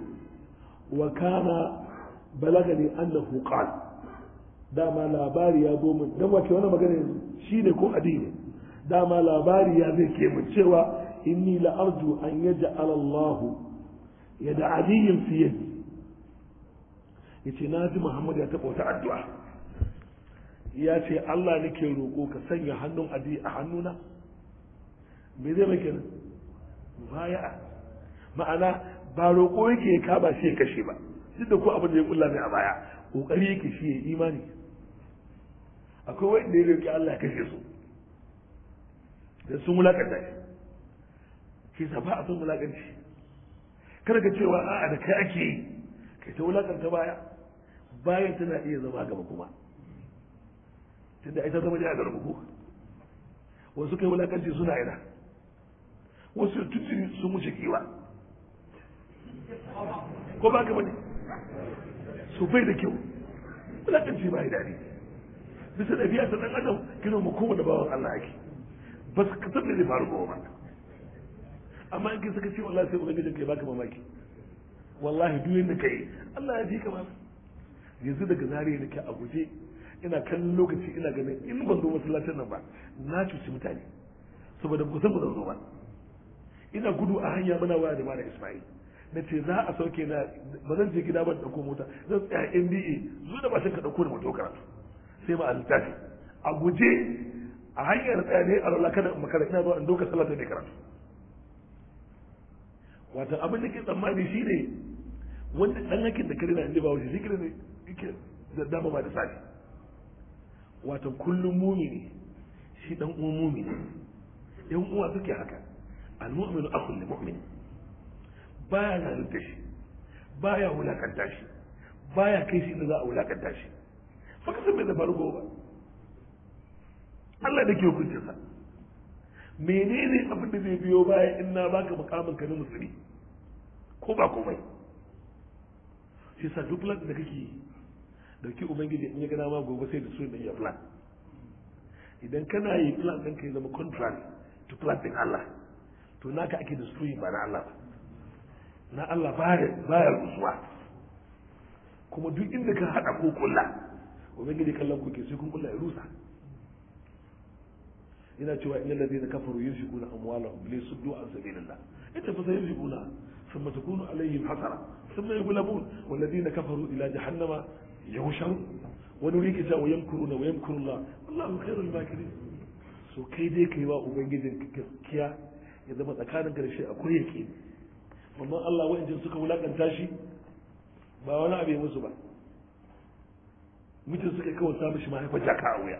wa kana balagani annahu qala dama labari ya zo min dan wace wani magana yanzu shine ko addini dama labari ya zai ke mu cewa inni la'arju an yaj'al Allah ya da aliyin fiye yace na ji Muhammad ya taɓa wata addu'a ya ce Allah nake roƙo ka sanya hannun adi a hannuna me zai maka kenan baya ma'ana ba roƙo yake ka ba shi ya kashe ba duk da ko abin da ya kulla ne a baya ƙoƙari yake shi ya imani akwai wanda ya roƙi Allah ya kashe su da sun wulakanta shi shi sa ba a sun wulakanci kada ka cewa a'a da kai ake yi kai ta wulakanta baya bayan tana iya zama gaba kuma tunda ita zama jihar da garbuku wasu kai wulakanci suna ina wasu tutsi sun wuce kiwa ko ba ka bane su bai da kyau wulakanci ba ya daɗi bisa ɗabi'a ta ɗan adam kina mu da bawan Allah ake ba su kasar da zai faru ba ba amma in kai suka ce wallahi sai ubangijin kai baka mamaki wallahi duk yadda kai Allah ya fi kama yanzu daga zare nake a guje ina kallon lokaci ina ganin in ban zo masallacin nan ba na cuci mutane saboda ba san ba zan zo ba ina gudu a hanya muna waya da mara Ismail na ce za a sauke na ba zan je gida ba da ɗauko mota zan tsaya NDA zo da mashin ka ɗauko da moto karatu sai ba a littafi a guje a hanyar tsaya ne a rola kada in makara ina zuwa in doka karatu wato abin da ke tsammani shi ne wanda dan hakin da kare na inda ba wuce zikirin ne yake da dama ba da sani wato kullum ne shi dan uwan ne yan uwa suke haka al-mu'minu lil-mu'min baya zalunta shi baya wulakanta shi baya kai shi inda za a wulakanta shi fa san me da faru ba. Allah da ke hukuncinsa ne abin da zai biyo baya in na baka mukamin ka na musulmi ko ba komai shi sa duk plan da kake dauki ubangiji in ya gana ma gobe sai da su da ya plan idan kana yi plan ɗin ka ya zama contrary to plan ɗin Allah to naka ake destroying ba na Allah na Allah baya rusuwa kuma duk inda ka haɗa ko kulla ubangiji kallon ku ke sai kun kulla ya rusa yana cewa kafar yin ladina kafaru yunfiquna amwalahum li suddu an sabilillah ita fasa yin fa sayunfiquna thumma takunu alaihim hasara thumma yughlabun wal ladina kafaru ila jahannama yusharun wa nurika wa yamkuruna wa yamkuru Allah wallahu khairul makirin so kai dai kai wa ubangijin gaskiya ya zama tsakanin karshe akwai yake. amma Allah wa'inda suka wulakanta shi ba wani abu ya musu ba mutum suka kawo samu shi mahaifar jaka a wuya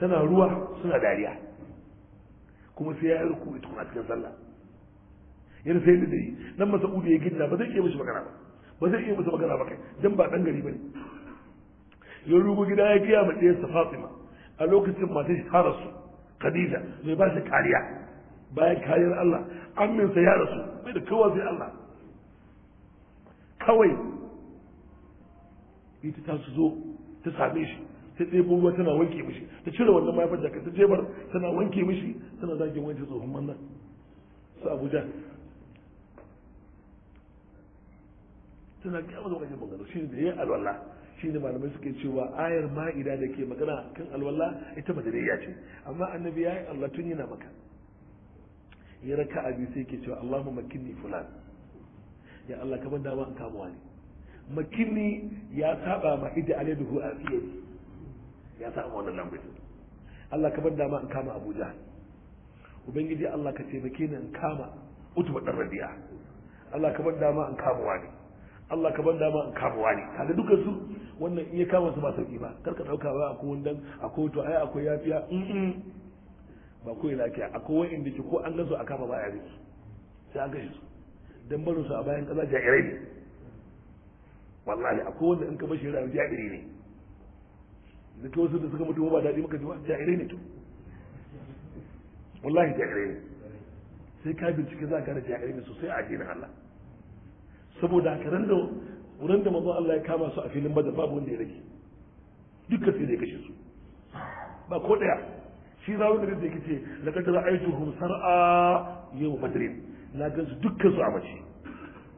tana ruwa suna dariya kuma sai ya yi ruku ita kuma cikin sallah yana sai da yi nan masa ubi ya gina ba zai iya mishi magana ba ba zai iya mishi magana ba kai dan ba dan gari bane ya rugo gida ya kiya mace ɗayan Fatima a lokacin matar shi ta rasu Khadija mai ba shi kariya bayan kariyar Allah amminsa ya rasu bai da kowa sai Allah kawai ita ta su zo ta same shi ta ɗebo ruwa tana wanke mishi ta cire wannan mayafar jaka ta jebar tana wanke mishi tana zagin wanke tsohon manzan su abuja tana kyamar wani magana shi ne da ya alwallah shi ne malamai suke cewa ayar ma'ida da ke magana kan alwala ita ya ce amma annabi ya yi allah tun yana maka ya raka abi sai ke cewa Allah ma makinni fulan ya allah kamar dama an kamuwa ne makinni ya saba ma ida alaihi a fiye ya sa wannan lambatin Allah ka bar dama in kama Abu Jahl ubangiji Allah ka taimake ni in kama Utba dan Rabi'a Allah ka bar dama in kama wani Allah ka ban dama in kama wani kaga dukkan su wannan in ya kama su ba sauki ba kar ka dauka ba akwai wandan akwai to ai akwai yafiya in ba koyi lafiya akwai wa'anda ke ko an gansu a kama ba a su sai an kashe su dan barin su a bayan kaza jairai ne wallahi akwai wanda in ka bashi yana jairai ne da ta wasu da suka mutu ba daɗi maka ji ba ne to wallahi jahilai ne sai ka bincike za ka da jahilai ne sosai a addinin Allah saboda haka ran da wurin da mazan Allah ya kama su a filin bada babu wanda ya rage dukkan sai da ya kashe su ba ko daya shi zawo da da yake ce yi tuhun sar'a yau madrid na gansu dukkan su a mace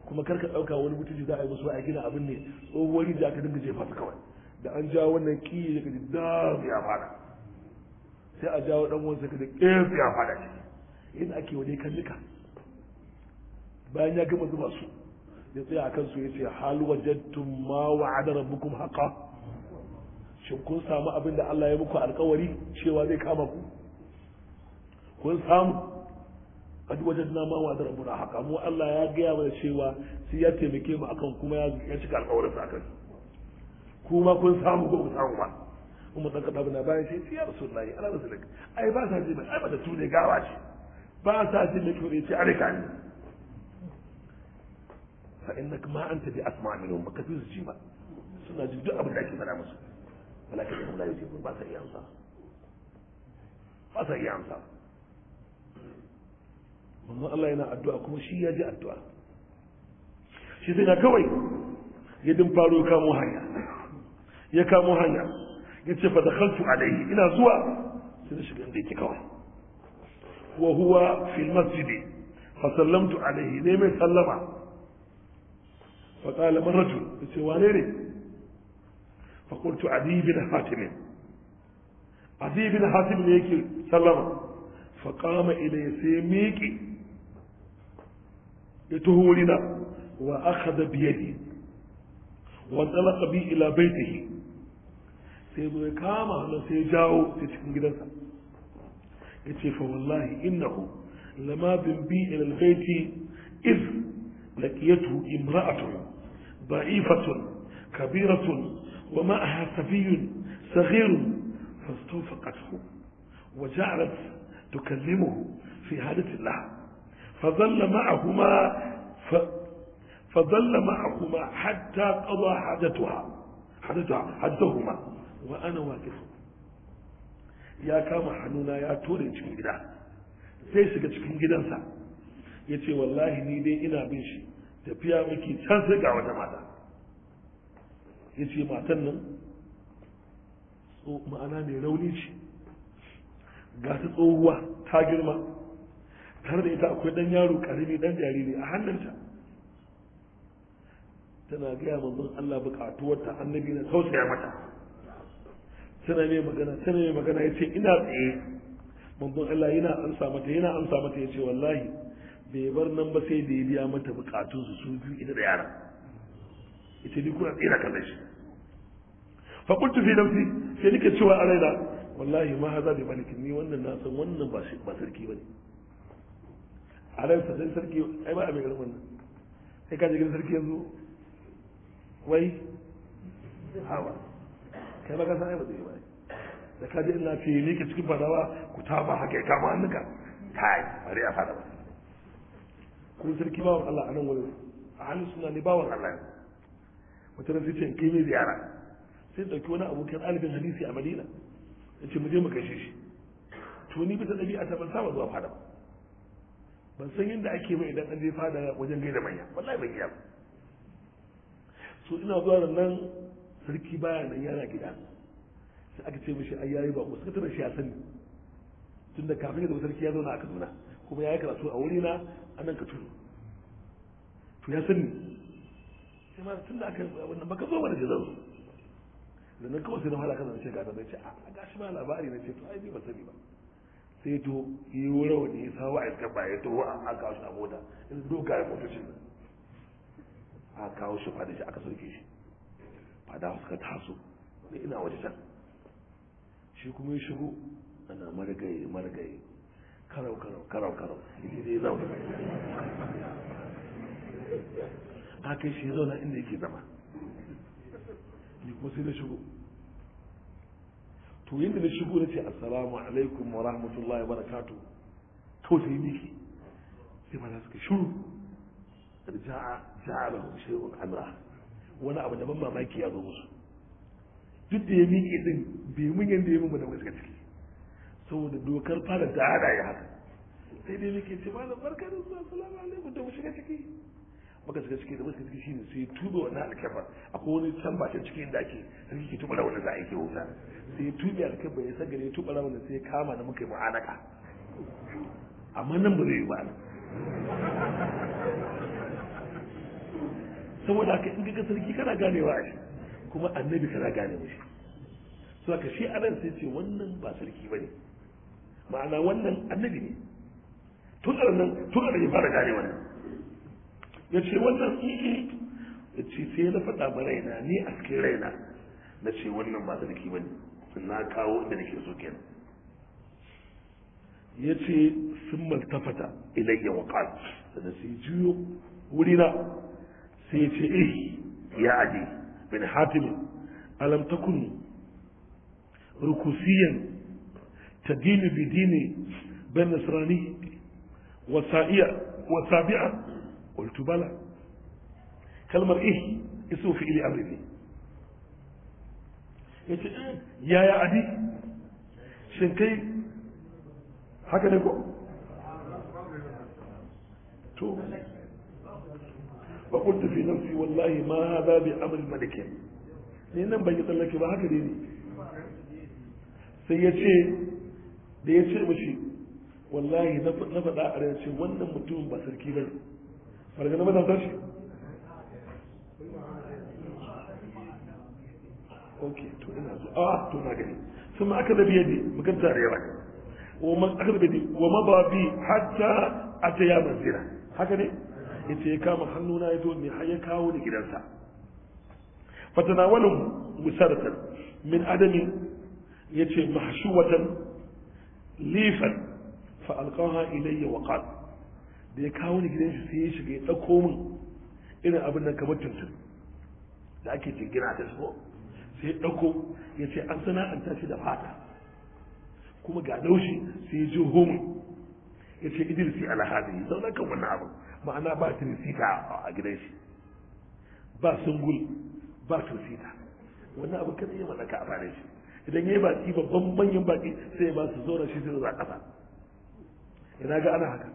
kuma karka dauka wani da za a yi musu a gina abin ne tsohuwar da aka dinga jefa su kawai da an jawo wannan kiyi ya kaji dam ya fada sai a jawo dan wansa kaji kef ya fada shi in ake wani kan nika bayan ya gama zuba su ya tsaya akan su yace hal wajadtum ma wa'ada rabbukum haqa shin kun samu abin da Allah ya muku alƙawari cewa zai kama ku kun samu kad wajadna ma wa'ada rabbuna haqa mu Allah ya gaya mana cewa sai ya taimake mu akan kuma ya cika alƙawarin sa akan kuma kun samu ko kun samu ba kuma dan kada na bayan shi ya rasulullahi ala rasulika ai ba sa ji mai ai ba da tune gawa ce ba sa ji mai kure ce arika ne fa innaka ma anta bi asma minhum ka fi ji ba suna ji duk abin da ake fara musu walakin hum la yujibun ba sa iya amsa ba sa iya amsa manzon Allah yana addu'a kuma shi ya ji addu'a shi zai na kawai yadin din faro kamo hanya ya kamo hanya ya ce fa dakhaltu alayhi ina zuwa sai na shiga inda yake kawai wa huwa fil masjid fa sallamtu alayhi ne mai sallama fa qala man rajul yace wane ne fa qultu adi bin hatim adi bin hatim ne yake sallama fa qama ilayhi sai miki ya tuhurina wa akhadha bi yadi wa talaqa bi ila sai zo ya kama hannun sai ya jawo ta cikin gidansa ya ce fa wallahi innahu lama bin bi ila albayti iz laqiyatu imra'atun ba'ifatun kabiratun wa ma'aha sabiyyun saghirun fastawfaqathu وجعلت تكلمه في حالة الله فظل معهما ف... فظل معهما حتى قضى حاجتها حاجتها حاجتهما wa ana waƙifu ya kama hannuna ya tore cikin gida zai shiga cikin gidansa ya ce wallahi ni dai ina bin shi tafiya muke can sai ga wata mata ya ce matan nan ma'ana mai rauni ce ga ta tsohuwa ta girma tare da ita akwai ɗan yaro karimi dan jariri a hannunta tana gaya manzon Allah bukatuwarta annabi na tausaya mata tana mai magana tana mai magana ya ce ina tsaye manzon Allah yana amsa mata yana amsa mata ya ce wallahi bai bar nan ba sai da ya biya mata bukatun su su biyu idan da yara ita ni kuna tsira kan shi fa kuntu fi nafsi sai nake cewa a raina wallahi ma haza bi malikin ni wannan na san wannan ba shi ba sarki bane a rai sa sai sarki ai ba a mai garin sai ka je gidan sarki yanzu wai hawa kai ba ka san ai ba zai ba da ka ji ina fiye ne ka cikin fadawa ku ta ba haka ya kama nuka kai bari a fada ba kuma sarki bawan Allah a nan wurin a halin suna ne bawan Allah ne mutum sai ce in kai ne ziyara sai dauki wani abokin alifin hadisi a Madina ya ce mu je mu kashe shi to ni bisa ɗabi'a ta ban saba zuwa fada ba ban san yadda ake mai idan an je fada wajen gaida manya wallahi ban iya ba so ina zuwa nan sarki baya nan yana gida sai aka ce mishi yi ba bako suka tana shi ya sani tunda kafin da sarki ya zauna a Kaduna kuma ya yi karatu a wuri na a nan Katuru to ya sani sai ma da aka wannan baka zo mana da zan da nan kawai sai na fara kana ce ga ah, da ce a ga shi ma labari na ce to ai bai ba sani ba sai to yi wura wani ya sawa a ba baya to a aka shi a mota in doka ya motocin a kawo shi fada shi aka soke shi fada suka taso ne ina waje can shi kuma ya shigo ana margaye margaye karau karau karau karau ita dai zauna haka shi zauna inda yake zama ni kuma sai na shigo to yadda na shigo na ce assalamu alaikum wa rahmatullahi wa barakatu to sai miki sai mata suka shuru da ja'a ja'a lahum shay'un amra wani abu da ban mamaki ya zo musu duk da ya miƙe din bai mun yanda ya mun da wasu ciki saboda dokar fara ta hada ya haka sai dai muke ce malam barka da zuwa salamu alaikum da mu shiga ciki baka shiga ciki da muka ciki shine sai tuba wannan alkafa akwai wani can can cikin da ake sai ke tuba wannan za a yi ke wuta sai ya tuba alkafa ya sagare ya tuba wannan sai ya kama da muka yi mu'anaka amma nan ba zai yi ba saboda haka in ga sarki kana ganewa a shi kuma annabi kaza gane mu shi so ka shi anan sai ce wannan ba sarki bane ma'ana wannan annabi ne tun a nan tun a ya fara gane wannan ya ce wannan i'i ya ce sai na faɗa ba raina ni a cikin raina na ce wannan ba sarki bane na kawo inda nake so kenan ya ce sun maltafata ilayya wa qal da sai juyo wurina sai ya ce eh ya aji. bin hatim alam takun rukusiyan tadini bidini bin nasrani wasabi'a qultu bala kalmar eh isu fi ili amri ne yace eh, yaya adi shin kai haka ne ko to فقلت في نفسي والله ما هذا بأمر ملك ni nan ban yi tsallake ba haka ne sai ya ce da ya ce mashi wallahi na faɗa a rai ce wannan mutumin ba sarki ba ne farga na mazan tashi ok to ina so a to na gani sun ma aka zabi yadda makanta da yawa wa ma aka zabi wa ma ba bi hatta a ta yaman zira haka ne yace ya kama hannuna ya zo ne har ya kawo ni gidansa fatanawalu musaratan min adamin yace mahshuwatan lifan fa alqaha ilayya wa qad da ya kawo ni gidansa sai ya shiga ya dauko min irin abin nan kamar tuntun da ake jingina da su sai ya dauko yace an sana'anta shi da fata kuma ga laushi sai ya ji homin ya ce idris ya alhadi zauna kan wannan abu. ma'ana ba tirisita a gidan shi ba sungul ba tosita wannan abu kada ya mallaka a bayan shi idan ya yi baki babban manyan baki sai ya ba su zo shi sai za kasa ina ga ana haka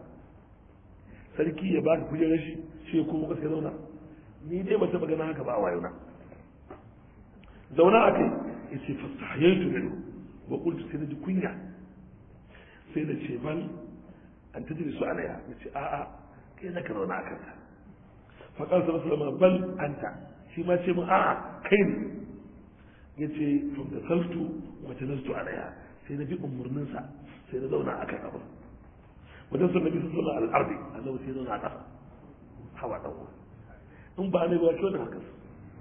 sarki ya baka kujerar shi shi ko kasa sai zauna ni dai ba ta magana haka ba a wayona zauna a kai ya ce fasahiyaitu ne ba kultu sai na ji kunya sai na ce bal an tajiri su naya, ya ce a'a kai zaka zauna a kansa faƙar sa sallama bal anta shi ma ce mu a'a kai ne ya ce from the self to wace nasu alaiha sai na bi umarninsa sai na zauna a kan abin wajen sun nabi sun zauna a annabi sai zauna a ƙasa hawa ɗan uwa in ba ne ba kyau da haka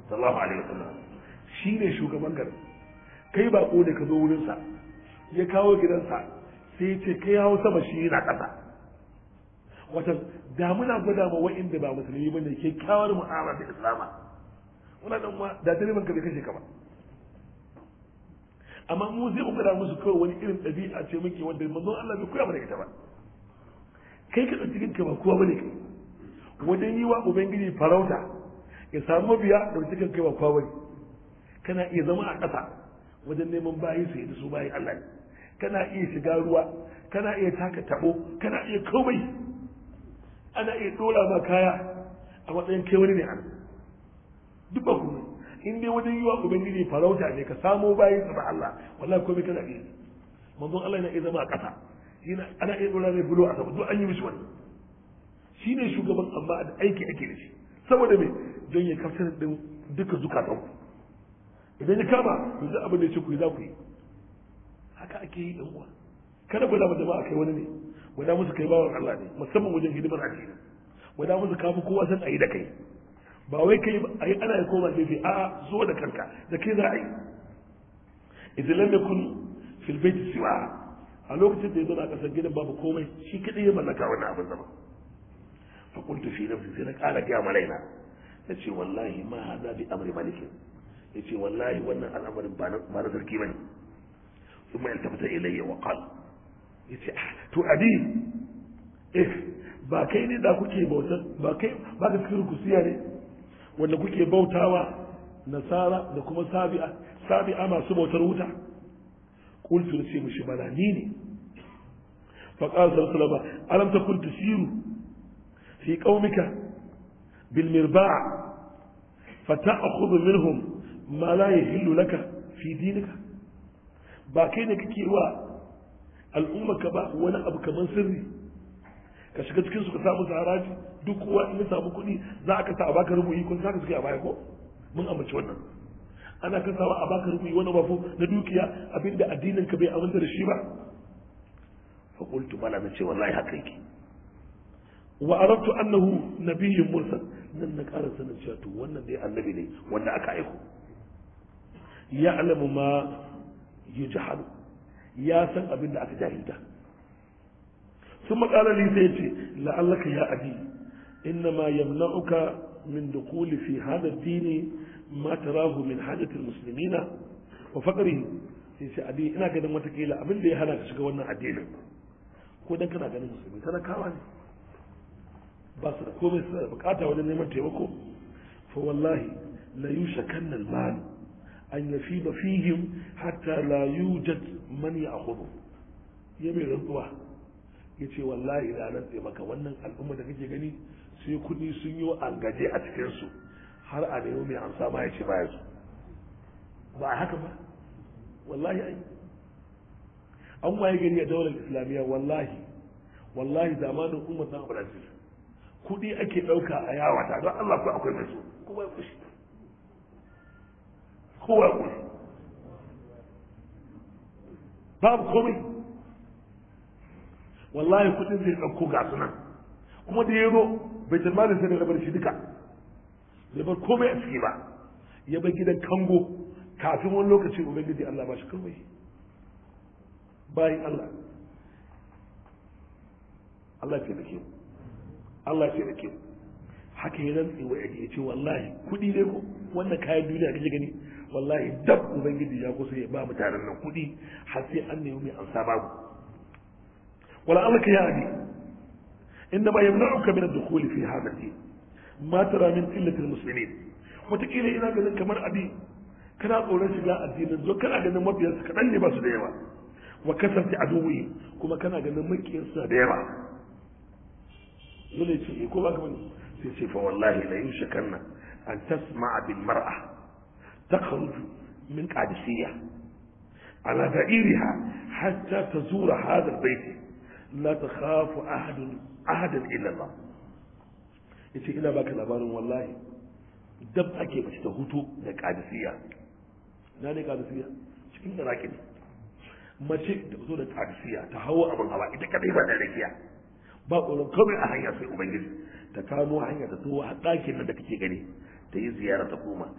sallallahu alaihi sallam shi ne shugaban gari kai ba ne ka zo wurinsa ya kawo gidansa sai ya ce kai hawa sama shi yana ƙasa wata da muna gwada ma wa'inda ba musulmi bane kyakkyawar mu'amala da islama muna dan ma da dare banka bai kashe ka ba amma mu zai gwada musu kawai wani irin dabi'a ce muke wanda manzo Allah bai koya mana ita ba kai ka ɗauki kanka ba kowa bane kai wajen yi wa ubangiji farauta ya samu biya da cikin kai ba kowa bane kana iya zama a ƙasa wajen neman bayi su yi da su bayi Allah kana iya shiga ruwa kana iya taka tabo kana iya komai ana iya dora ma kaya a matsayin kai wani ne a duk ba kuma in dai wajen yiwa ubangiji farauta ne ka samo bayan ba Allah wallahi komai kana iya manzon Allah yana iya zama a ƙasa yana ana iya dora mai bulo a sama duk an yi mishi wannan shine shugaban amma da aiki ake da shi saboda me don ya kaftar din duka zukatan ku idan ya kama yanzu abin da ya ce ku yi za ku yi haka ake yi ɗan uwa kada ku zama jama'a kai wani ne gwada musu kai bawan Allah ne musamman wajen hidimar addini gwada musu kafi kowa san ayi da kai ba wai kai ayi ana yi koma daidai a zo da kanka da kai za a yi idan kun fil bayti siwa a lokacin da ya zo a kasar gidan babu komai shi kadai ya mallaka wannan abin zama fa kuntu fi nafsi sai na kara ga malaina ce wallahi ma hada bi amri malikin ce wallahi wannan al'amarin ba na sarki bane ثم ilayya wa qala ya ce ah, to abi eh ba kai ne da kuke bautar ba kai ba ka cikin rukusiya ne wanda kuke bautawa nasara da kuma sabi'a sabi'a masu bautar wuta qultu sai mushi bala ni ne fa qala sallallahu alaihi alam takun tusiru fi qaumika bil mirba'a ta'khudhu minhum ma la yahillu laka fi dinika ba kai ne kake wa al'umma ka ba wani abu kamar sirri ka shiga cikin su ka samu haraji duk kowa in ya samu kuɗi za ka sa a baka rubuyi kun ka suke a baya ko mun amince wannan ana kasawa sawa a baka rubuyi wani bafo na dukiya abinda addinin ka bai aminta da shi ba fa qultu bala na ce wallahi haka yake wa arabtu annahu nabiyyun mursal nan na ƙara sanin cewa to wannan dai annabi ne wanda aka aiko ya alamu ma yujhalu ya san abin da aka jahilta sun makala ne sai ce la'allaka ya aji. inna ma yamna'uka min dukuli fi hada dini ma tarahu min hadatil musulmina. wa faqrihi sai ce ina ganin watakila abin da ya hana ka shiga wannan addinin ko dan kana ganin musulmi talakawa ne ba su da komai su da bukata wajen neman taimako fa wallahi la yushakanna al-mal an yafiba fihim hatta la yujad man ya hudu ya mai rantsuwa ya ce wallahi da nan maka wannan al'umma da kake gani sai kudi sun yi angaje a cikin su har a da mai amsa ma ya ce ba ya zo ba a haka ba wallahi ai an waye gari a daular islamiyya wallahi wallahi zamanin umar na brazil kudi ake dauka a yawata don allah ko akwai mai kuma kowa ya kushi kowa ya kushi babu komai wallahi kudin zai ɗauko ga sunan kuma da ya zo bai talmalin sai da rabar shi duka bai bar komai a ciki ba ya bar gidan kango kafin wani lokaci ubangiji Allah ba shi komai bayan Allah Allah ce da ke Allah ce da ke haka ya rantsi wa ya ce wallahi kuɗi ne ko wannan kayan duniya kake gani wallahi dab ubangiji ya kusa ya ba mutanen nan kuɗi har sai an nemi mai ansa babu wala alaka ya abi inda ba yamna'uka min ad-dukhul fi hadha ad-din ma tara min illati al-muslimin wataƙila ina ganin kamar abi kana tsoron shiga addinin zo kana ganin mabiyansa kaɗan ne ba su da yawa wa kasance aduwi kuma kana ganin makiyansa da yawa dole ce eh, ko ba ka bane sai ce fa wallahi la yushakanna an tasma'a bil mar'a تخرج من قادسية على بعيرها حتى تزور هذا البيت لا تخاف أحد أحدا إلا الله yace ina baka labarin wallahi dab ake mace ta hutu da kadisiya na ne kadisiya cikin iraki ne mace da zo da kadisiya ta hawa abin hawa ita kadai ba da rakiya ba tsoron komai a hanya sai ubangiji ta kamo hanya ta tuwa ɗakin nan da kake gani ta yi ziyara ta koma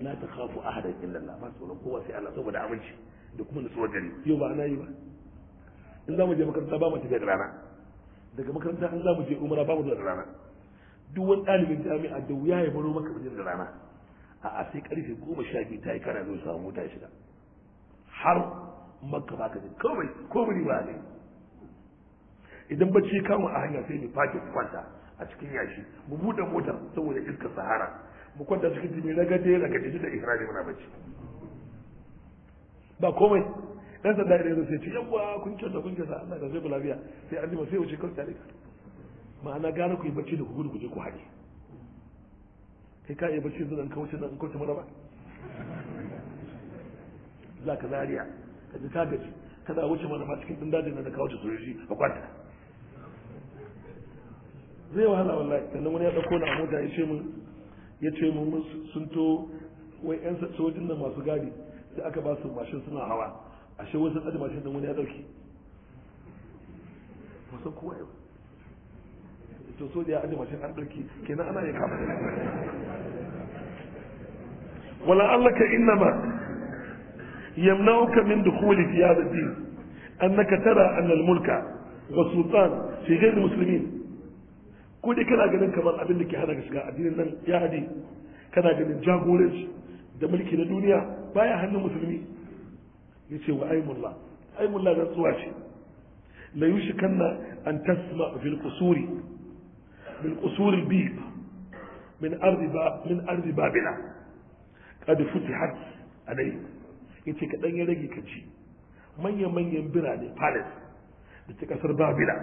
la ta khafu a illa Allah ba tsoron kowa sai Allah saboda aminci da kuma nutsuwar gari yau ba ana yi ba in za mu je makaranta ba mu tafiya da rana daga makaranta in za mu je umara ba mu da rana duk wani ɗalibin jami'a da wuya ya baro maka da rana a'a sai karfe goma sha biyu ta yi kana zo samu mota shiga. har maka ba ka ji komai komai ba ne idan bacci kama a hanya sai mu fake kwanta a cikin yashi mu buɗe mota saboda iskar sahara mu kwanta cikin dimi na gade da gaje da ihrami muna bacci ba komai dan sanda idan sai ce yawa kun da kun sa Allah da zai ku lafiya sai an jima sai wuce kawai tare ka ma'ana gane ku yi bacci da ku gudu ku ku haɗe kai ka yi bacci yanzu zan kauce dan kauce mana ba za ka zariya ka ji ka gaji kada wuce mana ba cikin dajin da ka wuce sojoji a kwanta zai wahala wallahi sannan wani ya ɗauko na mota ya ce mun ya ce mu sun to wai yan sojin nan masu gadi sai aka ba su mashin suna hawa a ashe wasu tsaji mashin nan wani ya ɗauki ba san kowa yau to soja ya aje mashin an ɗauki kenan ana ya kama da wala allaka innama يمنعك من دخول في هذا الدين أنك ترى أن الملك والسلطان في غير المسلمين ko dai kana ganin kamar abin da ke hana shiga addinin nan ya hade kana ganin jagoranci da mulki na duniya baya hannun musulmi ya ce wa aimulla aimulla na tsuwa ce la yushikanna an tasma fil qusuri bil qusuri min ardi ba min ardi babila kad futihat alai yace ka dan ya rage ka ci manyan manyan birane palace da ta kasar babila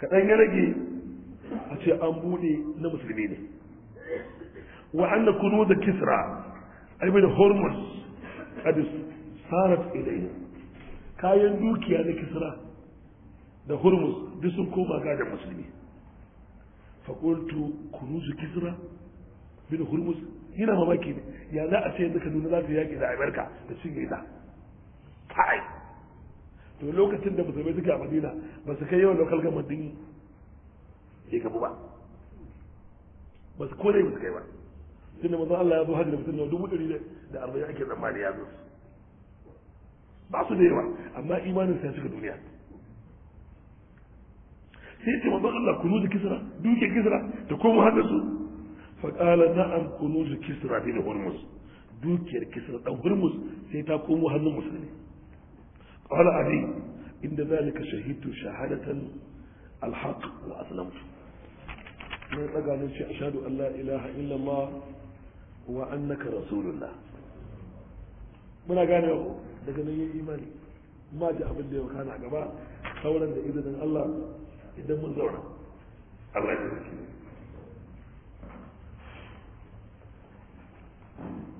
ka dan rage a ce an bude na musulmi ne wa anna kunuz kisra ai bai da hormuz kad sarat ilayna kayan dukiya na kisra da hormuz duk sun koma ga da musulmi fa qultu kunuz kisra bin hormuz yana mamaki ne ya za a ce yanzu kaduna za ta yaƙi da amerika da shi cinye ta kai to lokacin da musulmai suke a madina ba su kai yawan lokal gamadin bai gabu ba ba su kore ba su kai ba tunda manzon Allah ya zo hajji da mutum na dubu ɗari da arba'in ake tsammani ya zo ba su da yawa amma imanin sai suka duniya sai ce manzon Allah kunu da kisra duke kisra ta koma hada su fa qala na'am kunu da kisra fi hurmus dukiyar kisra dan hurmus sai ta komo hannun musulmi qala abi inda zalika shahidu shahadatan alhaq wa aslamtu mai tsaga ne ce ashadu an la ilaha illallah wa annaka rasulullah muna gane ku daga nan yin imani ma ji abin da ya kana gaba sauran da izinin Allah idan mun zauna Allah ya